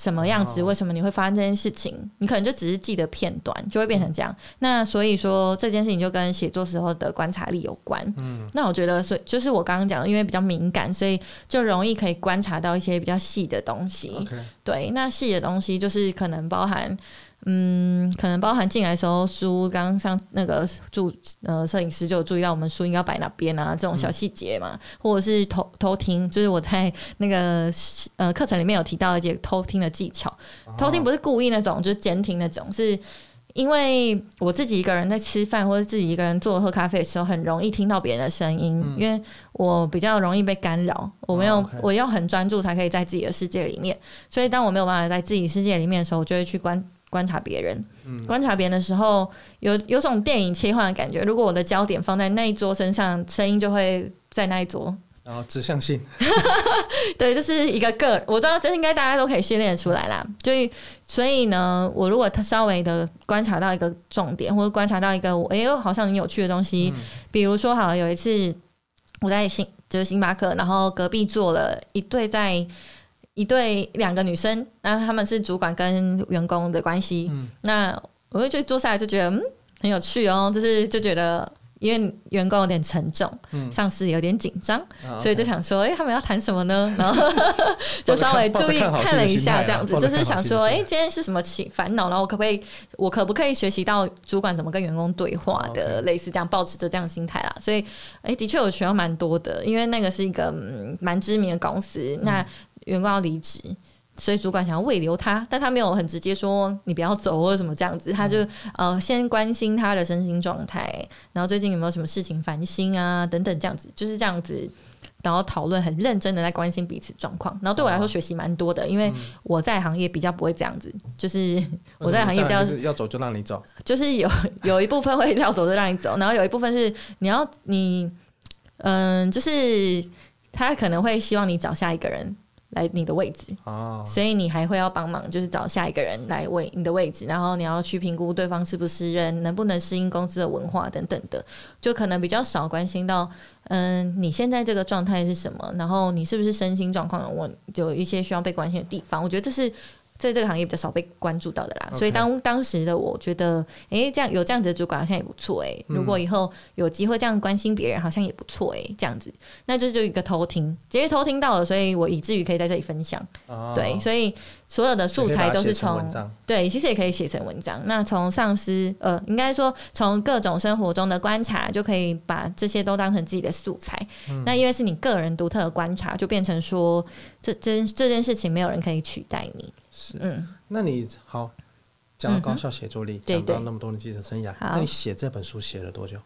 什麼樣子？Oh. 為什麼你會發生這件事情？你可能就只是記得片段，就會變成這樣。嗯，那所以說這件事情就跟寫作時候的觀察力有關。嗯，那我覺得，所以就是我剛剛講的，因為比較敏感，所以就容易可以觀察到一些比較細的東西。Okay. 對，那細的東西就是可能包含。嗯，可能包含進來的時候書，書剛剛，上那個注呃，攝影師就有注意到我們書應該擺哪邊啊，這種小細節嘛、嗯，或者是偷偷聽，就是我在那個呃課程裡面有提到一些偷聽的技巧。哦、偷聽不是故意那種，就是監聽那種，是因為我自己一個人在吃飯或者自己一個人坐喝咖啡的時候，很容易聽到別人的聲音、嗯，因為我比較容易被干擾，我沒有、哦 okay、我要很專注才可以在自己的世界裡面，所以當我沒有辦法在自己世界裡面的時候，我就會去觀觀察別人，觀察別人的時候有有種電影切換的感覺。如果我的焦點放在那一桌身上，聲音就會在那一桌，然後指向性 對，這、就是一個個，我知道這應該大家都可以訓練出來啦。所以，所以呢，我如果他稍微的觀察到一個重點，或者觀察到一個哎好像很有趣的東西，嗯、比如說好，好有一次我在星，就是星巴克，然後隔壁坐了一對在。一對兩個女生，後、啊、她們是主管跟員工的關係、嗯。那我會坐下來就覺得，嗯，很有趣哦。就是就覺得，因為員工有點沉重，嗯、上司有點緊張、哦，所以就想說，哎、欸，他們要談什麼呢？然後、哦 okay、 就稍微注意看了一下，這樣子、啊、就是想說，哎、欸，今天是什麼情煩惱？然後我可不可以，我可不可以學習到主管怎麼跟員工對話的？類似這樣，抱、哦、着、okay、這樣心態啦。所以，哎、欸，的確有學到蠻多的，因為那個是一個蠻、嗯、知名的公司。嗯、那員工要離職，所以主管想要慰留他，但他沒有很直接說“你不要走”或者什麼這樣子，他就呃先關心他的身心狀態，然後最近有沒有什麼事情煩心啊等等這樣子，就是這樣子，然後討論很認真的在關心彼此狀況。然後對我來說學習蠻多的、哦，因為我在行業比較不會這樣子，就是我在行業比較要走就讓你走，就是有有一部分會要走就讓你走， 然後有一部分是你要你嗯，就是他可能會希望你找下一個人。來你的位置，oh. 所以你還會要幫忙，就是找下一個人來位你的位置，然後你要去評估對方是不是人，能不能適應公司的文化等等的，就可能比較少關心到，嗯，你現在這個狀態是什麼，然後你是不是身心狀況，我有一些需要被關心的地方，我覺得這是。在這個行業比較少被關注到的啦，Okay. 所以當當時的我覺得，哎、欸，這樣有這樣子的主管好像也不錯哎、欸、嗯。如果以後有機會這樣關心別人，好像也不錯哎、欸。這樣子，那這就是一個偷聽，直接偷聽到了，所以我以至於可以在這裡分享、哦。對，所以所有的素材都是從對，其實也可以寫成文章。那從上司呃，應該說從各種生活中的觀察，就可以把這些都當成自己的素材。嗯、那因為是你個人獨特的觀察，就變成說這這這件事情沒有人可以取代你。是嗯，那你好，講高效寫作力，講、嗯、到那麼多的記者生涯，對對對，好，那你寫這本書寫了多久？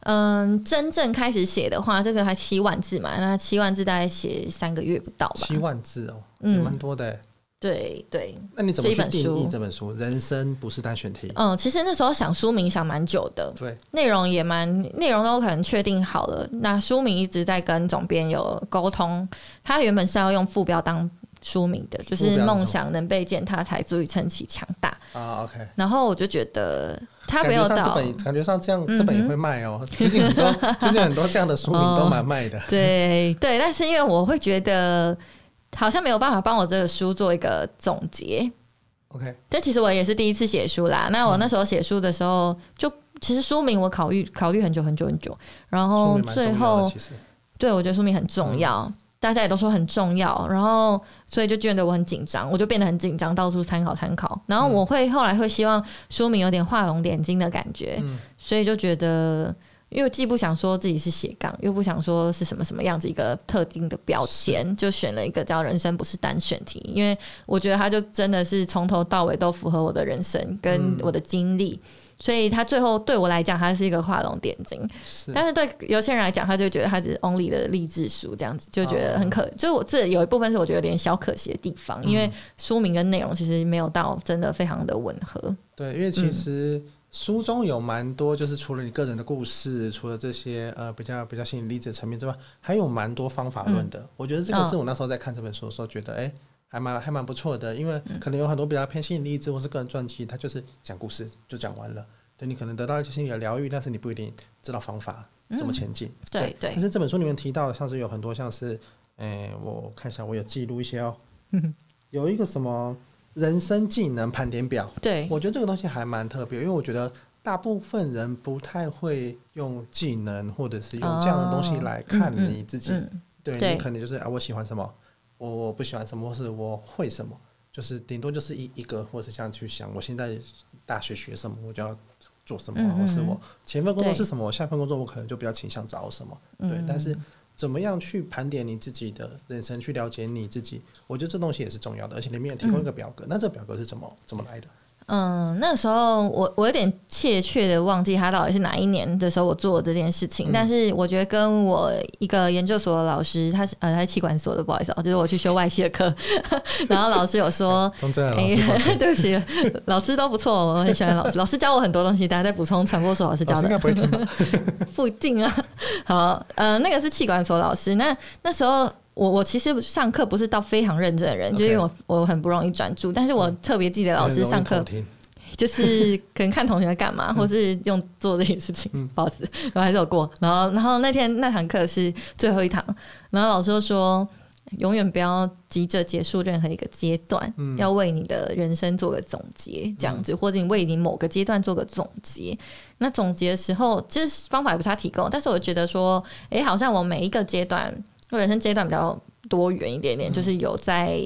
嗯，真正開始寫的話，這個還七萬字嘛？那七萬字大概寫三個月不到吧？七萬字哦，嗯，蠻多的。對對，那你怎麼定義這本書？這本書《人生不是單選題》。嗯，其實那時候想書名想蠻久的，對，內容也蠻內容都可能確定好了。那書名一直在跟總編有溝通，他原本是要用副標當，書名的就是夢想能被踐踏才足以稱其強大啊 OK，然後我就覺得他沒有到感覺上這本感覺上這樣這本也會賣哦、喔嗯，最近很多 最近很多這樣的書名都蠻賣的，哦、對對，但是因為我會覺得好像沒有辦法幫我這個書做一個總結，OK，這其實我也是第一次寫書啦。那我那時候寫書的時候，就其實書名我考慮考慮很久很久很久，然後最後對我覺得書名很重要。嗯大家也都說很重要，然後所以就覺得我很緊張，我就變得很緊張，到處參考參考。然後我會後來會希望書名有點畫龍點睛的感覺、嗯，所以就覺得，因為既不想說自己是斜槓，又不想說是什麼什麼樣子一個特定的標籤，就選了一個叫“人生不是單選題”，因為我覺得它就真的是從頭到尾都符合我的人生跟我的經歷。嗯所以他最後對我來講，他是一個畫龍點睛。但是對有些人來講，他就覺得他只是 Only 的勵志書這樣子，就覺得很可。哦、就我這有一部分是我覺得有點小可惜的地方，嗯、因為書名跟內容其實沒有到真的非常的吻合。對，因為其實書中有蠻多、嗯，就是除了你個人的故事，除了這些呃比較比較心理勵志層面之外，還有蠻多方法論的、嗯。我覺得這個是我那時候在看這本書的時候覺得，哎、哦。欸還蠻還蠻不錯的，因為可能有很多比較偏心理勵志、嗯、或是個人傳記，它就是講故事就講完了。對你可能得到一些心理的療癒，但是你不一定知道方法、嗯、怎麼前進。對對。但是這本書裡面提到，像是有很多像是，誒、欸，我看一下，我有記錄一些哦、嗯。有一個什麼人生技能盤點表？對我覺得這個東西還蠻特別，因為我覺得大部分人不太會用技能或者是用這樣的東西來看你自己。哦嗯嗯嗯、對你可能就是啊，我喜歡什麼。我我不喜歡什麼，或是我會什麼，就是頂多就是一一個，或者是這樣去想。我現在大學學什麼，我就要做什麼，嗯、或是我前份工作是什麼，我下一份工作我可能就比較傾向找什麼。對，嗯、但是怎麼樣去盤點你自己的人生，去了解你自己，我覺得這東西也是重要的，而且裡面提供一個表格，嗯、那這表格是怎麼怎麼來的？嗯，那時候我我有點怯怯的，忘記他到底是哪一年的時候我做了這件事情，嗯，但是我覺得跟我一個研究所的老師，他是呃他是企管所的，不好意思，喔，就是我去修外系的課， 然後老師有說，哎， 欸， 對不起， 老師都不錯，我很喜歡老師， 老師教我很多東西，大家在補充傳播所老師教的，不一定 附近啊，好，呃，那個是企管所老師，那那時候。我我其實上課不是到非常認真的人，Okay. 就因為我我很不容易專注，但是我特別記得老師上課，就是可能看同學幹嘛， 或是用做這些事情， 嗯、不好意思，我還是有過。然後然後那天那堂課是最後一堂，然後老師就說，永遠不要急着結束任何一個階段、嗯，要為你的人生做個總結，這樣子、嗯，或者你為你某個階段做個總結。那總結的時候，其、就、實、是、方法不是提供，但是我覺得說，哎、欸，好像我每一個階段。我人生階段比較多元一點點，嗯、就是有在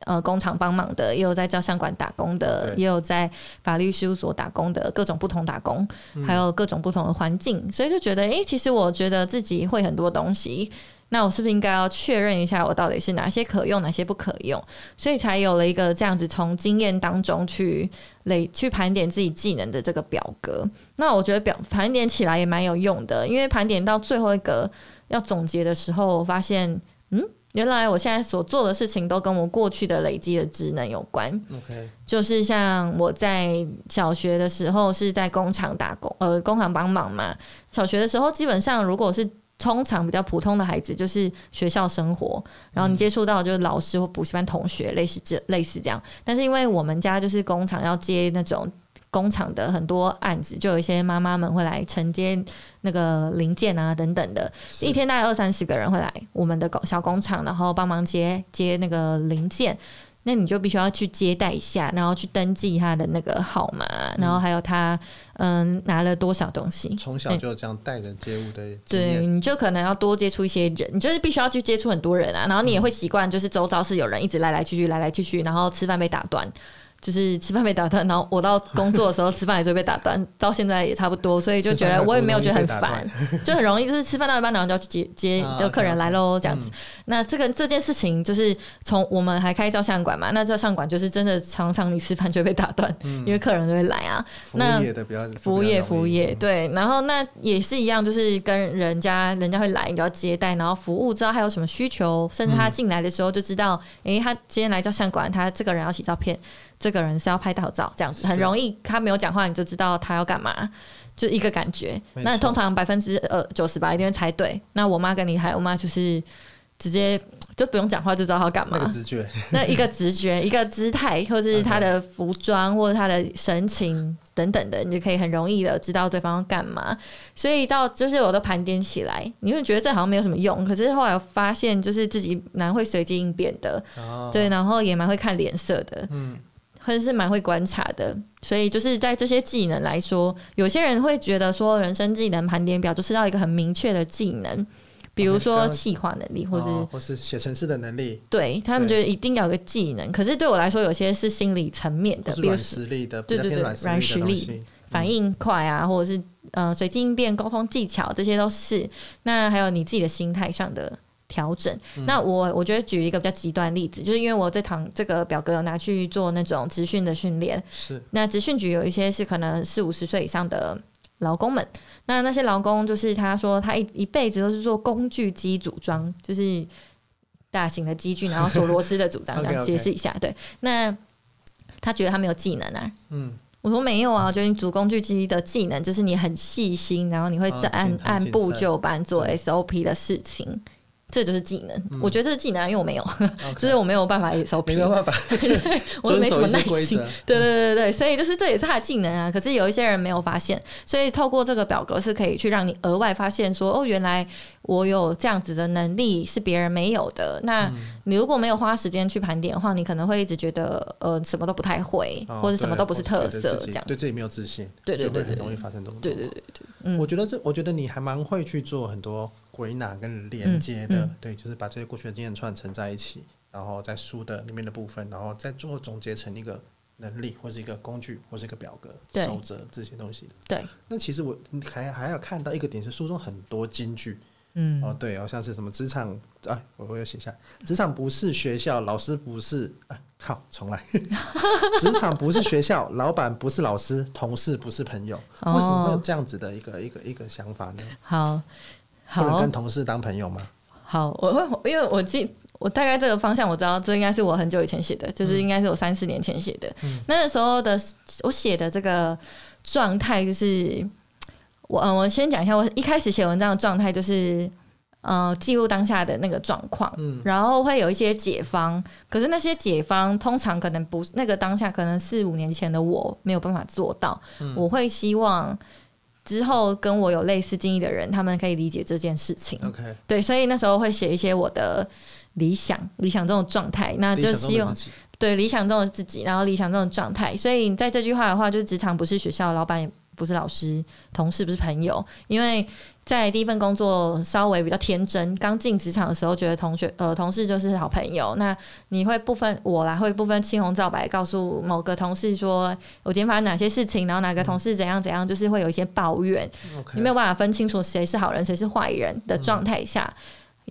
呃工廠幫忙的，也有在照相館打工的，也有在法律事務所打工的，各種不同打工，嗯、還有各種不同的環境，所以就覺得，誒、欸，其實我覺得自己會很多東西，那我是不是應該要確認一下我到底是哪些可用，哪些不可用？所以才有了一個這樣子從經驗當中去累去盤點自己技能的這個表格。那我覺得表盤點起來也蠻有用的，因為盤點到最後一個。要總結的時候，發現，嗯，原來我現在所做的事情都跟我過去的累積的職能有關。Okay. 就是像我在小學的時候是在工廠打工，呃，工廠幫忙嘛。小學的時候基本上如果是通常比較普通的孩子，就是學校生活，嗯，然後你接觸到就是老師或補習班同學，類似這類似這樣。但是因為我們家就是工廠要接那種。工廠的很多案子，就有一些媽媽們會來承接那個零件啊、等等的，一天大概二三十個人會來我們的小工廠，然後幫忙接接那個零件。那你就必須要去接待一下，然後去登記他的那個號碼、嗯，然後還有他嗯拿了多少東西。從小就這樣待人接物的，對，對，你就可能要多接觸一些人，你就是必須要去接觸很多人啊。然後你也會習慣，就是周遭是有人一直來來去去，來來去去，然後吃飯被打斷。就是吃飯被打斷，然後我到工作的時候吃飯也會被打斷， 到現在也差不多，所以就覺得我也沒有覺得很煩， 就很容易就是吃飯到一半，然後就要去接接客人來嘍這樣子。啊 okay. 那這個這件事情就是從我們還開照相館嘛、嗯，那照相館就是真的常常你吃飯就被打斷、嗯，因為客人都會來啊。服務業的比較服務業服務業，對，然後那也是一樣，就是跟人家人家會來，你就要接待，然後服務，知道他有什麼需求，甚至他進來的時候就知道，哎、嗯欸，他今天來照相館，他這個人要洗照片。這個人是要拍大頭照，這樣子、啊、很容易。他沒有講話，你就知道他要幹嘛，就一個感覺。那通常百分之呃九十吧，一定會猜對。那我媽跟你還，我媽就是直接就不用講話，就知道他要幹嘛。那個、直覺，那一個直覺， 一個姿態，或者是他的服裝，或者他的神情、okay. 等等的，你就可以很容易的知道對方要幹嘛。所以到就是我都盤點起來，你會覺得這好像沒有什麼用，可是後來我發現就是自己蠻會隨機應變的，oh. 對，然後也蠻會看臉色的，嗯。或者是蠻會觀察的，所以就是在這些技能來說，有些人會覺得說，人生技能盤點表就是要一個很明確的技能，比如說企劃能力，或者是或是寫程式的能力，對他們覺得一定要有個技能。可是對我來說，有些是心理層面的，軟實力的，對對軟實力的，反應快啊，或者是呃隨機應變、溝通技巧，這些都是。那還有你自己的心態上的。調整、嗯。那我我覺得舉一個比較極端例子，就是因為我這堂這個表格有拿去做那種職訓的訓練。是。那職訓局有一些是可能四五十歲以上的勞工們，那那些勞工就是他說他一一輩子都是做工具機組裝，就是大型的機具，然後鎖螺絲的組裝。來 解釋一下， okay, okay. 對。那他覺得他沒有技能啊。嗯。我說沒有啊，我覺得做工具機的技能就是你很細心，然後你會按、啊、按部就班做 SOP 的事情。這就是技能，嗯，我覺得這是技能，啊，因為我沒有 okay, 呵呵，就是我沒有辦法收皮，沒有辦法， 我沒什麼耐心。 嗯，對對對對，所以就是這也是他的技能啊。可是有一些人沒有發現，所以透過這個表格是可以去讓你額外發現說，說哦，原來我有這樣子的能力是別人沒有的。那你如果沒有花時間去盤點的話，你可能會一直覺得呃什麼都不太會，哦，或者什麼都不是特色這樣，對自己沒有自信，對對對，對，對，對，容易發生這麼多對對對，對，對嗯，我覺得這，我覺得你還蠻會去做很多。歸納跟連接的、嗯嗯，對，就是把這些過去的經驗串成在一起，然後在書的裡面的部分，然後再做總結成一個能力，或是一個工具，或是一個表格、守則，這些東西的，對。那其實我還還要看到一個點是，書中很多金句，嗯，哦，對哦，像是什麼職場啊，我我有寫下，職場不是學校，老師不是，哎、啊，靠，重來，職 場不是學校， 老闆不是老師，同事不是朋友，哦、為什麼會有這樣子的一個一個一個想法呢？好。不能跟同事當朋友嗎？好，好我會因為，我記，我大概這個方向我知道，這應該是我很久以前寫的，就是應該是我三四年前寫的、嗯。那時候的我寫的這個狀態，就是我，我先講一下，我一開始寫文章的狀態，就是嗯，記、呃、錄當下的那個狀況、嗯，然後會有一些解方，可是那些解方，通常可能不那個當下，可能四五年前的我沒有辦法做到，嗯、我會希望。之後跟我有類似經歷的人，他們可以理解這件事情。OK，對，所以那時候會寫一些我的理想、理想中的狀態。那就希望對理想中的自己，然後理想中的狀態。所以在這句話的話，就是職場不是學校，老闆也不是老師，同事不是朋友，因為。在第一份工作稍微比較天真，剛進職場的時候，覺得同學呃同事就是好朋友。那你會不分我來會不分青紅皂白，告訴某個同事說我今天發生哪些事情，然後哪個同事怎樣怎樣，就是會有一些抱怨。Okay. 你沒有辦法分清楚誰是好人誰是壞人的狀態下、嗯，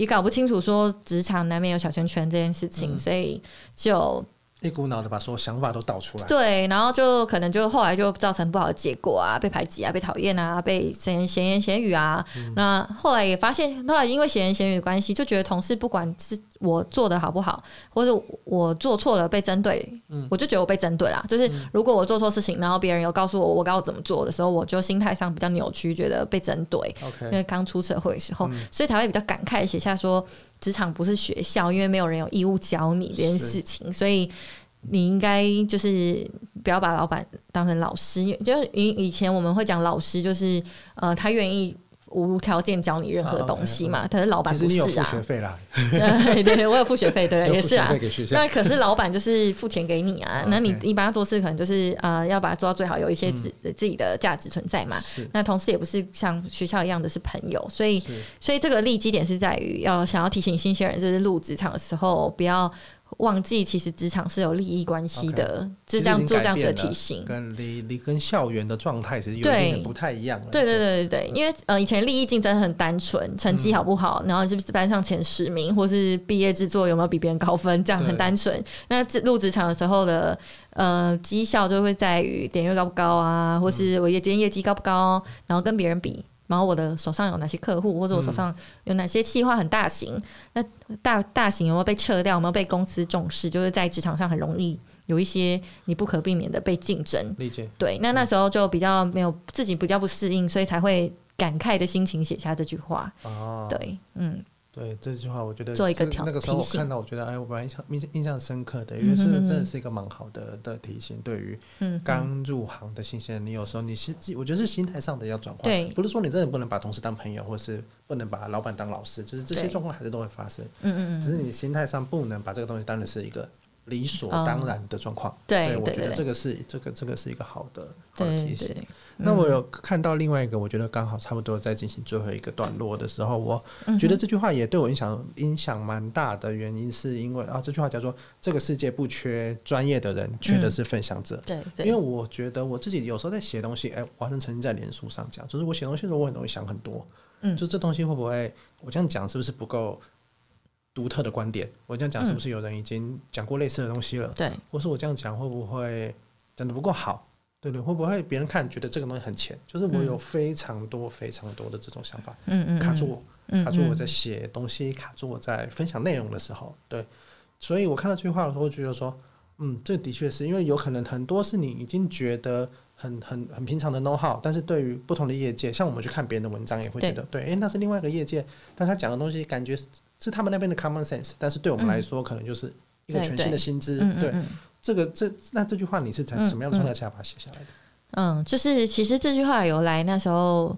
也搞不清楚說職場難免有小圈圈這件事情，嗯、所以就。一股腦的把所有想法都倒出來。對，然後就可能就後來就造成不好的結果啊，被排擠啊，被討厭啊，被閒言閒語啊。那、嗯、後、後來也發現，後來因為閒言閒語的關係，就覺得同事不管是我做的好不好，或者我做錯了被針對，嗯、我就覺得我被針對了。就是如果我做錯事情，然後別人有告訴我，我該要怎麼做的時候，我就心態上比較扭曲，覺得被針對。Okay、因為剛出社會的時候，嗯、所以才會比較感慨寫下說。職場不是學校，因為沒有人有義務教你這件事情，所以你應該就是不要把老闆當成老師，因為因為以前我們會講老師就是，呃，他願意。無條件教你任何東西嘛？Okay, okay, okay. 但是老板不是，是啊，其實你有付學費啦 對，對，我有付學費，對， 也是啊。那 可是老板就是付錢給你啊，okay. 那你一般做事可能就是啊，呃，要把它做到最好，有一些自，嗯，自己的價值存在嘛。那同事也不是像學校一樣的是朋友，所以所以這個利基點是在於要想要提醒新鮮人，就是入職場的時候不要。忘記其實職場是有利益關係的，就這樣做這樣子的提醒，跟你、你跟校園的狀態其實有一點不太一樣。對對對對，對，因為呃以前利益競爭很單純，成績好不好，嗯、然後是不是班上前十名，或是畢業制作有沒有比別人高分，這樣很單純。那入職場的時候的呃績效就會在於點閱高不高啊，或是我今天業績高不高，然後跟別人比，然後我的手上有哪些客戶，或者我手上有哪些企劃很大型？嗯、那大大型有沒有被撤掉？有沒有被公司重視？就是在職場上很容易有一些你不可避免的被競爭。理解。對，那那時候就比較沒有、嗯、自己比較不適應，所以才會感慨的心情寫下這句話。啊、對，嗯。對這句話，我覺得做一個那個時候我看到，我覺得，哎，我本來印象、印、印象深刻。的，因為是真的是一個蠻好的的提醒，對於剛入行的新鮮，你有時候你心，我覺得是心態上的要轉換。對，不是說你真的不能把同事當朋友，或是不能把老闆當老師，就是這些狀況還是都會發生。嗯嗯，只是你心態上不能把這個東西當成是一個。理所當然的狀況，oh,，對，對我覺得這個是對對對，這個這個是一個好的，好的提醒對對對，嗯。那我有看到另外一個，我覺得剛好差不多在進行最後一個段落的時候，我覺得這句話也對我影響影響蠻大的，原因是因為、嗯、啊，這句話叫做“這個世界不缺專業的人，缺的是分享者”嗯。對，對，因為我覺得我自己有時候在寫東西，哎，我還能曾經在臉書上講，就是我寫東西的時候，我很容易想很多，嗯，就這東西會不會，我這樣講是不是不夠？獨特的觀點，我這樣講是不是有人已經講過類似的東西了？對、嗯，或是我這樣講會不會講得不夠好？對，對對，會不會別人看覺得這個東西很淺？就是我有非常多非常多的這種想法，嗯，卡住我、嗯，卡住我在寫東、嗯、東西，卡住我在分享內容的時候，對，所以我看到這句話的時候，我覺得說，嗯，這的確是因為有可能很多是你已經覺得。很很很平常的 know how，但是對於不同的業界，像我們去看別人的文章，也會覺得，對，誒、欸，那是另外一個業界，但他講的東西感覺是，是他們那邊的 common sense，但是對我們來說，嗯、可能就是一個全新的新知、嗯嗯嗯。對，這個這那這句話你是在什麼樣的狀態下把它寫下來的？嗯，就是其實這句話由來那時候。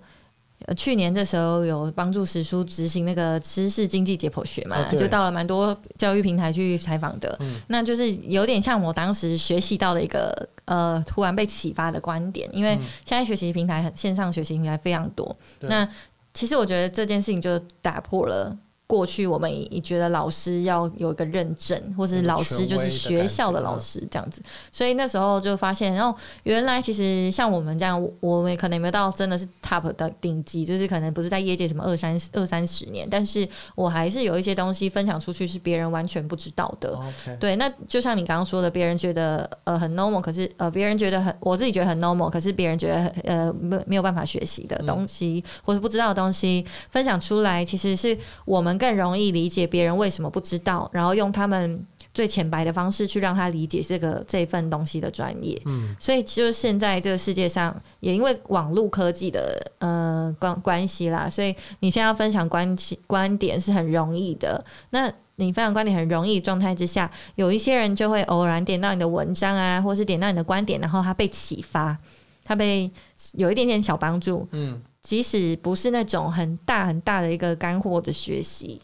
去年這時候有幫助時書執行那個知識經濟解剖學嘛，就到了蠻多教育平台去採訪的，那就是有點像我當時學習到的一個呃，突然被啟發的觀點，因為現在學習平台很，線上學習平台非常多，那其實我覺得這件事情就打破了。過去我們也覺得老師要有一個認證，或者老師就是學校的老師這樣子，所以那時候就發現，然後，哦，原來其實像我們這樣，我們可能沒有到真的是 top 的頂級，就是可能不是在業界什麼二三二三十年，但是我還是有一些東西分享出去是別人完全不知道的。Okay. 對，那就像你剛剛說的，別人覺得呃很 normal，可是呃別人覺得很，我自己覺得很 normal，可是別人覺得很呃沒沒有辦法學習的東西、嗯、或者不知道的東西分享出來，其實是我們，更容易理解別人為什麼不知道，然後用他們最淺白的方式去讓他理解這個這份東西的專業。嗯。所以其實現在這個世界上，也因為網絡科技的呃關關係啦，所以你現在要分享關係觀點是很容易的。那你分享觀點很容易狀態之下，有一些人就會偶然點到你的文章啊，或是點到你的觀點，然後他被啟發，他被有一點點小幫助。嗯即使不是那種很大很大的一個乾貨的學習，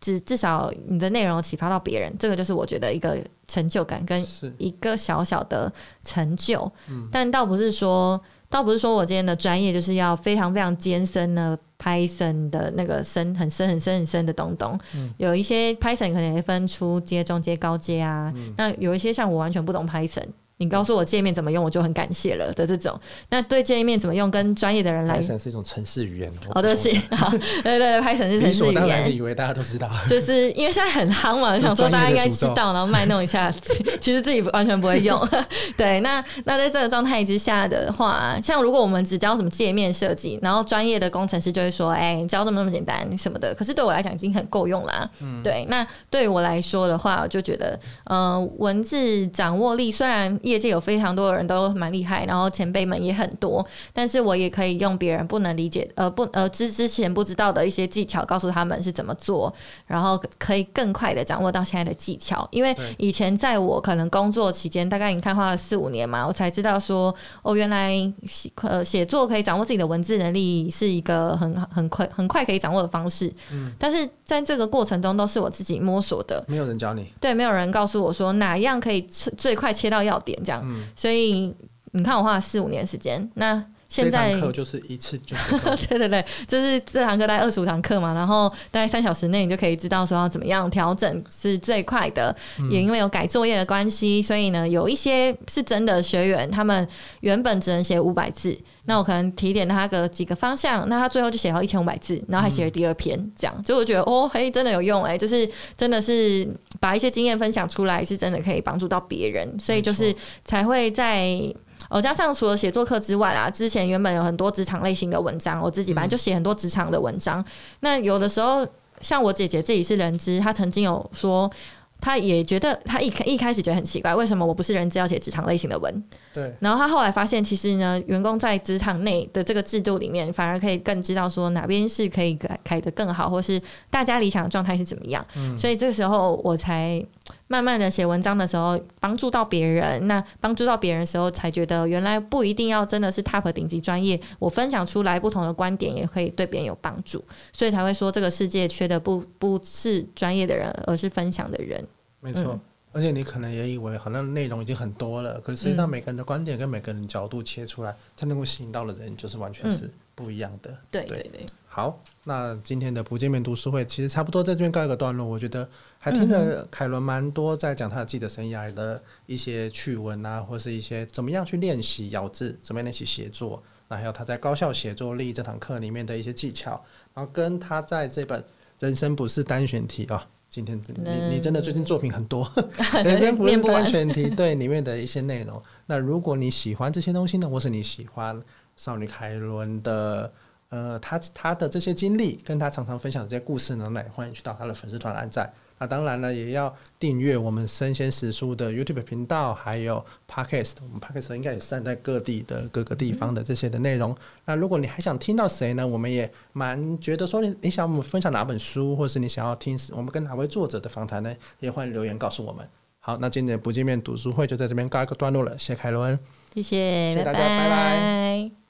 至至少你的內容啟發到別人，這個就是我覺得一個成就感跟一個小小的成就。但倒不是說，倒不是說我今天的專業就是要非常非常艱深的 Python 的那個深很深很深很深的東東。嗯。有一些 Python 可能也分初階、中階、高階啊。嗯。那有一些像我完全不懂 Python。你告訴我界面怎麼用，我就很感謝了的這種。那對界面怎麼用跟專業的人來講，Python 是一種程式語言。哦、好的，是，對對對，Python 是程式語言。我當然以為大家都知道，就是因為現在很夯嘛，想說大家應該知道，然後賣弄一下。其實自己完全不會用。對，那那在這個狀態之下的話，像如果我們只教什麼界面設計，然後專業的工程師就會說：“哎、欸，教這麼那麼簡單什麼的。”可是對我來講已經很夠用啦。對。那對我來說的話，我就覺得，呃，文字掌握力雖然。業界有非常多的人都蠻厲害，然後前輩們也很多，但是我也可以用別人不能理解，呃，不呃之之前不知道的一些技巧，告訴他們是怎麼做，然後可以更快的掌握到現在的技巧。因為以前在我可能工作期間，大概你看花了四五年嘛，我才知道說哦，原來寫呃寫作可以掌握自己的文字能力是一個很很快很快可以掌握的方式，嗯。但是在這個過程中都是我自己摸索的，沒有人教你。對，沒有人告訴我說哪一樣可以最快切到要點。這樣，嗯，所以你看，我花了四五年時間，那。現在這一堂課就是一次就對， 對對對，就是這堂課大概二十五堂課嘛，然後大概三小時內你就可以知道說要怎麼樣調整是最快的，嗯。也因為有改作業的關係，所以呢，有一些是真的學員，他們原本只能寫五百字，嗯，那我可能提點他個幾個方向，那他最後就寫到一千五百字，然後還寫了第二篇，這樣，嗯、就我覺得哦嘿，真的有用哎，欸，就是真的是把一些經驗分享出來，是真的可以幫助到別人，所以就是才會在。哦，加上除了寫作課之外啊，之前原本有很多職場類型的文章，我自己反正就寫很多職場的文章、嗯。那有的時候，像我姐姐自己是人資，她曾經有說，她也覺得她一一開始覺得很奇怪，為什麼我不是人資要寫職場類型的文？對。然後她後來發現，其實呢，員工在職場內的這個制度裡面，反而可以更知道說哪邊是可以改，改得更好，或是大家理想的狀態是怎麼樣。嗯、所以這個時候我才。慢慢的寫文章的時候，幫助到別人，那幫助到別人的時候，才覺得原來不一定要真的是 top 頂級專業，我分享出來不同的觀點，也可以對別人有幫助，所以才會說這個世界缺的不不是專業的人，而是分享的人。沒錯、嗯，而且你可能也以為好像內容已經很多了，可是實際上每個人的觀點跟每個人角度切出來，他、嗯、能夠吸引到的人就是完全是不一樣的。嗯、對，對對對。好，那今天的不見面讀書會其實差不多在這邊告一個段落。我覺得還聽得凱倫蠻多，在講他的記者生涯的一些趣聞啊，或是一些怎麼樣去練習咬字，怎麼樣練習寫作，那還有他在高效寫作力這堂課裡面的一些技巧，然後跟他在這本《人生不是單選題》啊、哦，今天你你真的最近作品很多，嗯《 人生不是單選題》對， 對裡面的一些內容。那如果你喜歡這些東西呢，或是你喜歡少女凱倫的。呃，他他的這些經歷，跟他常常分享這些故事呢，也歡迎去到他的粉絲團按讚。那當然了，也要訂閱我們《生鮮時書》的 YouTube 頻道，還有 Podcast 我們 Podcast 應該也散在各地的各個地方的這些的內容、嗯。那如果你還想聽到誰呢？我們也蠻覺得說，你你想我們分享哪本書，或是你想要聽我們跟哪位作者的訪談呢？也歡迎留言告訴我們。好，那今年不見面讀書會就在這邊告一個段落了。謝謝凱倫，謝謝，謝謝大家，拜拜。拜拜